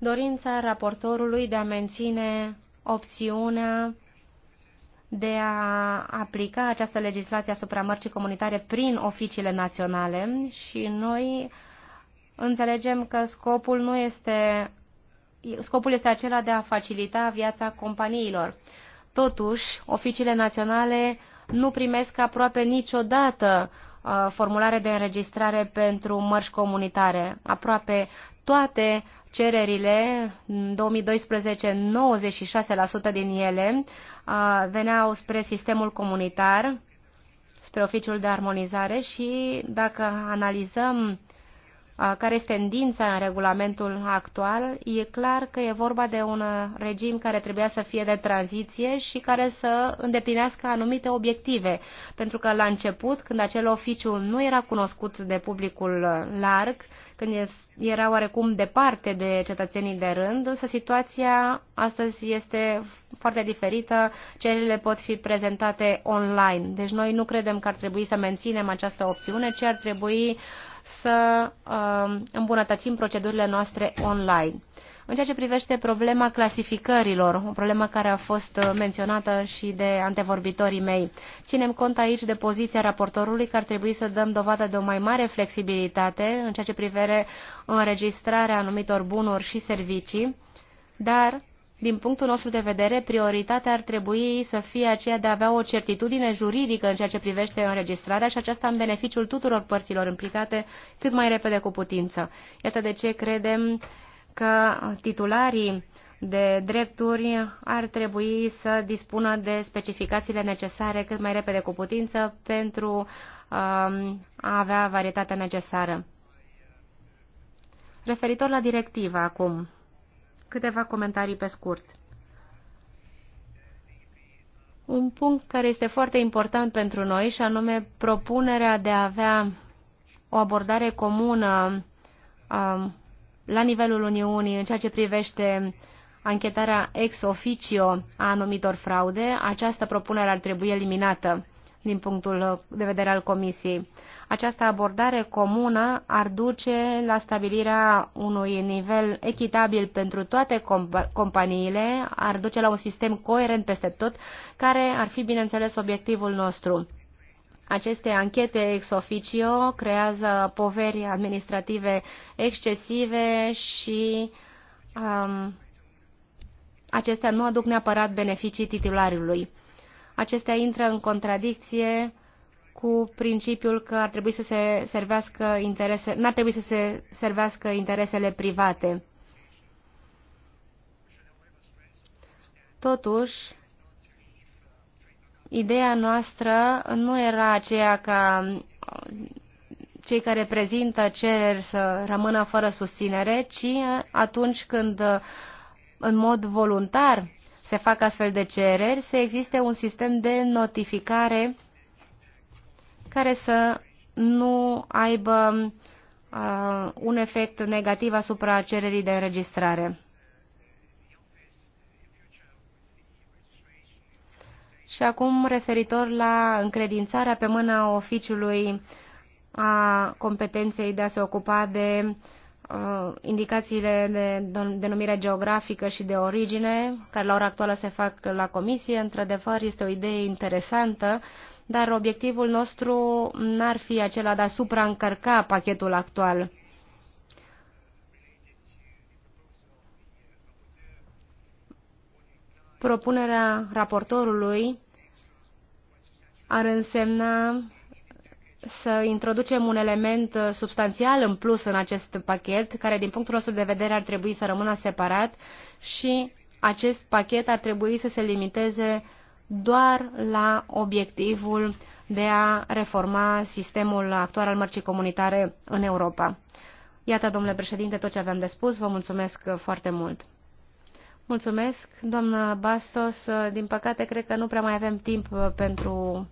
C: dorința raportorului de a menține opțiunea de a aplica această legislație asupra mărcii comunitare prin oficiile naționale și noi înțelegem că scopul nu este scopul este acela de a facilita viața companiilor. Totuși, oficiile naționale nu primesc aproape niciodată uh, formulare de înregistrare pentru mărci comunitare. Aproape toate cererile, în 2012 96% din ele veneau spre sistemul comunitar, spre oficiul de armonizare și dacă analizăm care este tendința în regulamentul actual, e clar că e vorba de un uh, regim care trebuia să fie de tranziție și care să îndeplinească anumite obiective. Pentru că la început, când acel oficiu nu era cunoscut de publicul uh, larg, când era oarecum departe de cetățenii de rând, însă situația astăzi este foarte diferită, cererile pot fi prezentate online. Deci noi nu credem că ar trebui să menținem această opțiune, ci ar trebui uh, să um, îmbunătățim procedurile noastre online. În ceea ce privește problema clasificărilor, o problemă care a fost uh, menționată și de antevorbitorii mei, ținem cont aici de poziția raportorului că ar trebui să dăm dovadă de o mai mare flexibilitate în ceea ce privește înregistrarea anumitor bunuri și servicii, dar din punctul nostru de vedere, prioritatea ar trebui să fie aceea de a avea o certitudine juridică în ceea ce privește înregistrarea și aceasta în beneficiul tuturor părților implicate cât mai repede cu putință. Iată de ce credem că titularii de drepturi ar trebui să dispună de specificațiile necesare cât mai repede cu putință pentru um, a avea varietatea necesară. Referitor la directiva acum, Câteva comentarii pe scurt. Un punct care este foarte important pentru noi și anume propunerea de a avea o abordare comună um, la nivelul Uniunii în ceea ce privește anchetarea ex officio a anumitor fraude, această propunere ar trebui eliminată din punctul de vedere al Comisiei. Această abordare comună ar duce la stabilirea unui nivel echitabil pentru toate comp companiile, ar duce la un sistem coerent peste tot, care ar fi, bineînțeles, obiectivul nostru. Aceste anchete ex officio creează poveri administrative excesive și um, acestea nu aduc neapărat beneficii titularului acestea intră în contradicție cu principiul că ar trebui să se servească interese, n-ar trebui să se servească interesele private. Totuși, ideea noastră nu era aceea ca cei care prezintă cereri să rămână fără susținere, ci atunci când în mod voluntar se fac astfel de cereri, să existe un sistem de notificare care să nu aibă uh, un efect negativ asupra cererii de înregistrare. Și acum referitor la încredințarea pe mâna oficiului a competenței de a se ocupa de uh, Uh, indicațiile de denumire geografică și de origine, care la ora actuală se fac la comisie, într-adevăr este o idee interesantă, dar obiectivul nostru n-ar fi acela de a supraîncărca pachetul actual. Propunerea raportorului ar însemna să introducem un element uh, substanțial în plus în acest pachet, care din punctul nostru de vedere ar trebui să rămână separat și acest pachet ar trebui să se limiteze doar la obiectivul de a reforma sistemul actual al mărcii comunitare în Europa. Iată, domnule președinte, tot ce aveam de spus. Vă mulțumesc uh, foarte mult. Mulțumesc, doamnă Bastos. Uh, din păcate, cred că nu prea mai avem timp pentru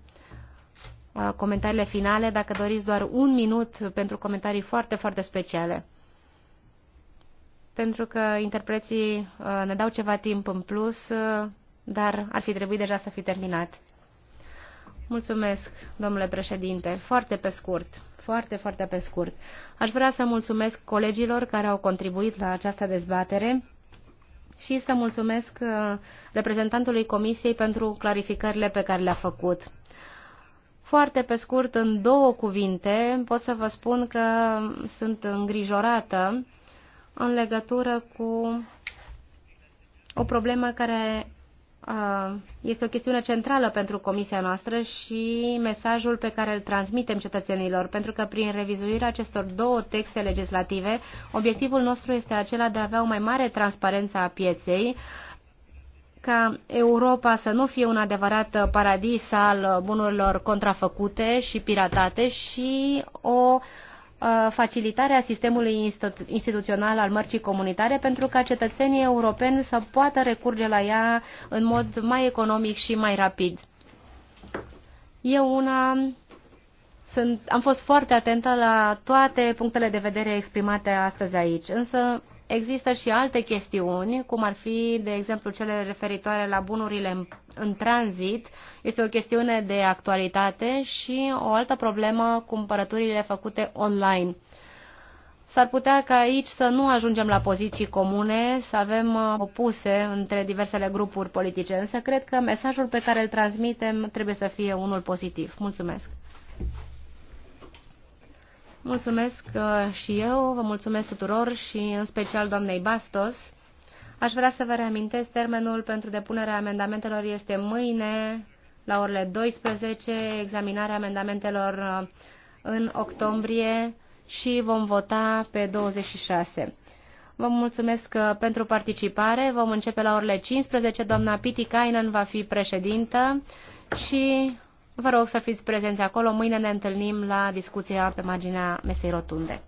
C: Uh, comentariile finale, dacă doriți doar un minut pentru comentarii foarte, foarte speciale. Pentru că interpreții uh, ne dau ceva timp în plus, uh, dar ar fi trebuit deja să fi terminat. Mulțumesc, domnule președinte. Foarte pe scurt, foarte, foarte pe scurt. Aș vrea să mulțumesc colegilor care au contribuit la această dezbatere și să mulțumesc reprezentantului Comisiei pentru clarificările pe care le-a făcut. Foarte pe scurt, în două cuvinte, pot să vă spun că sunt îngrijorată în legătură cu o problemă care este o chestiune centrală pentru comisia noastră și mesajul pe care îl transmitem cetățenilor, pentru că prin revizuirea acestor două texte legislative, obiectivul nostru este acela de a avea o mai mare transparență a pieței, ca Europa să nu fie un adevărat paradis al bunurilor contrafăcute și piratate și o facilitare a sistemului instituțional al mărcii comunitare pentru ca cetățenii europeni să poată recurge la ea în mod mai economic și mai rapid. Eu una sunt, am fost foarte atentă la toate punctele de vedere exprimate astăzi aici, însă Există și alte chestiuni, cum ar fi, de exemplu, cele referitoare la bunurile în, în tranzit. Este o chestiune de actualitate și o altă problemă, cumpărăturile făcute online. S-ar putea ca aici să nu ajungem la poziții comune, să avem uh, opuse între diversele grupuri politice, însă cred că mesajul pe care îl transmitem trebuie să fie unul pozitiv. Mulțumesc! Mulțumesc uh, și eu, vă mulțumesc tuturor și în special doamnei Bastos. Aș vrea să vă reamintesc, termenul pentru depunerea amendamentelor este mâine la orele 12, examinarea amendamentelor uh, în octombrie și vom vota pe 26. Vă mulțumesc uh, pentru participare. Vom începe la orele 15. Doamna Piti Kainen va fi președintă și Vă rog să fiți prezenți acolo. Mâine ne întâlnim la discuția pe marginea mesei rotunde.